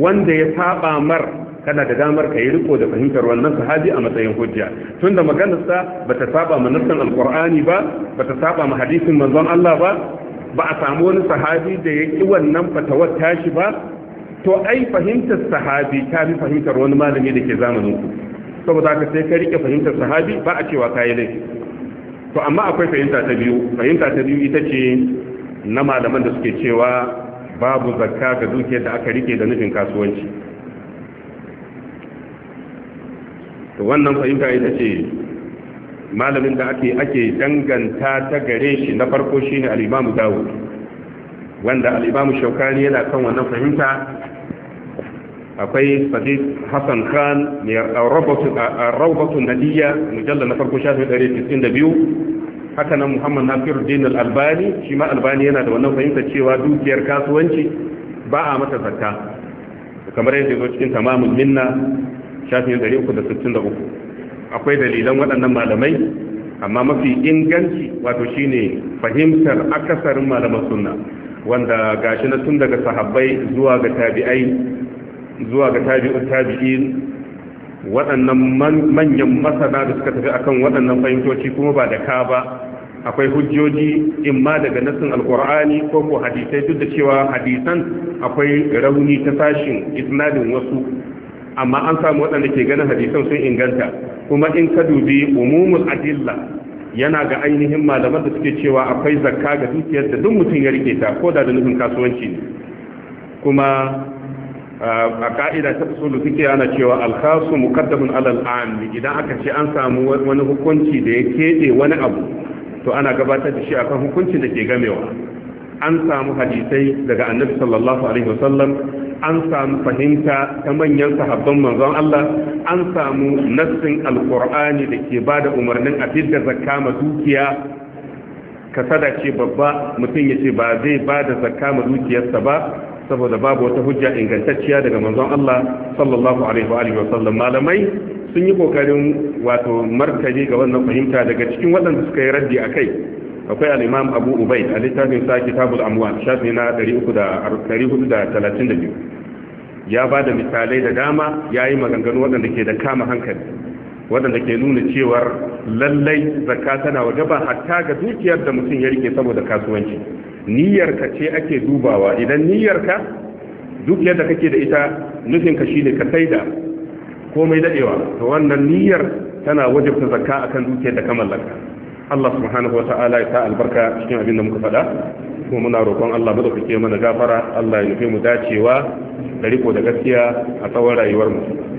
wanda ya saba mar kana da damar ka yi riko da fahimtar wannan sahabi a matsayin hujja tunda maganarsa bata saba ma nassan alqur'ani ba bata saba ma hadisin manzon Allah ba ba a samu wani sahabi da ya ki wannan fatawar tashi ba to ai fahimtar sahabi ta bi fahimtar wani malami da ke zamanin ku saboda haka sai ka rike fahimtar sahabi ba a cewa kayi laifi to amma akwai fahimta ta biyu fahimta ta biyu ita ce na malaman da suke cewa babu zakka ga dukiyar da aka rike da nufin kasuwanci to wannan fahimta ita ce malamin da ake ake danganta ta gare shi na farko shine al-Imam Dawud wanda al-Imam Shawkani yana kan wannan fahimta akwai sadiq hassan khan mai raubatu nadiya mujallar na farko shafi 192 haka nan muhammad nasiruddin al-albani shi ma albani yana da wannan fahimtar cewa dukiyar kasuwanci ba a mata zakka kamar yadda zo cikin tamamin minna shafin 363 akwai dalilan waɗannan malamai amma mafi inganci wato shine fahimtar akasarin malaman sunna wanda gashi na tun daga sahabbai zuwa ga tabi'ai zuwa ga tabi'un tabi'in waɗannan manyan masana da suka tafi akan waɗannan fahimtoci kuma ba da ka ba akwai hujjoji in ma daga nassin alkur'ani ko ko hadisai duk da cewa hadisan akwai rauni ta sashin isnadin wasu amma an samu waɗanda ke ganin hadisan sun inganta kuma in ka dubi umumul adilla yana ga ainihin malaman da suke cewa akwai zakka ga dukiyar da duk mutum ya rike ta ko da da nufin kasuwanci ne kuma a ka'ida ta usulu suke yana cewa alkhasu muqaddamun alal am idan aka ce an samu wani hukunci da ya kede wani abu to ana gabatar da shi akan hukuncin da ke gamewa an samu hadisai daga annabi sallallahu alaihi wasallam an samu fahimta ta manyan sahabban manzon Allah an samu nassin alqur'ani da ke bada umarnin a fidda zakka ma dukiya ka sadace babba mutum ya ce ba zai bada zakka ma dukiyarsa ba saboda babu wata hujja ingantacciya daga manzon Allah sallallahu alaihi wa alihi wa sallam malamai sun yi kokarin wato martani ga wannan fahimta daga cikin waɗanda suka yi raddi akai akwai al-Imam Abu Ubayd a littafin sa Kitabul Amwal shafi na 332 ya ba da misalai da dama yayi maganganu waɗanda ke da kama hankali waɗanda ke nuna cewar lallai zakka tana wajaba hatta ga dukiyar da mutum ya rike saboda kasuwanci Niyyar ka ce ake dubawa idan niyyar ka duk yadda kake da ita nufinka shine ka saida komai dadewa to wannan niyyar tana wajibta zakka akan dukiyar da ka mallaka Allah subhanahu wa ta'ala ya ta albarka cikin abin da muka faɗa kuma muna roƙon Allah ke mana gafara Allah ya nufi mu dacewa da riko da gaskiya a tsawon rayuwar mu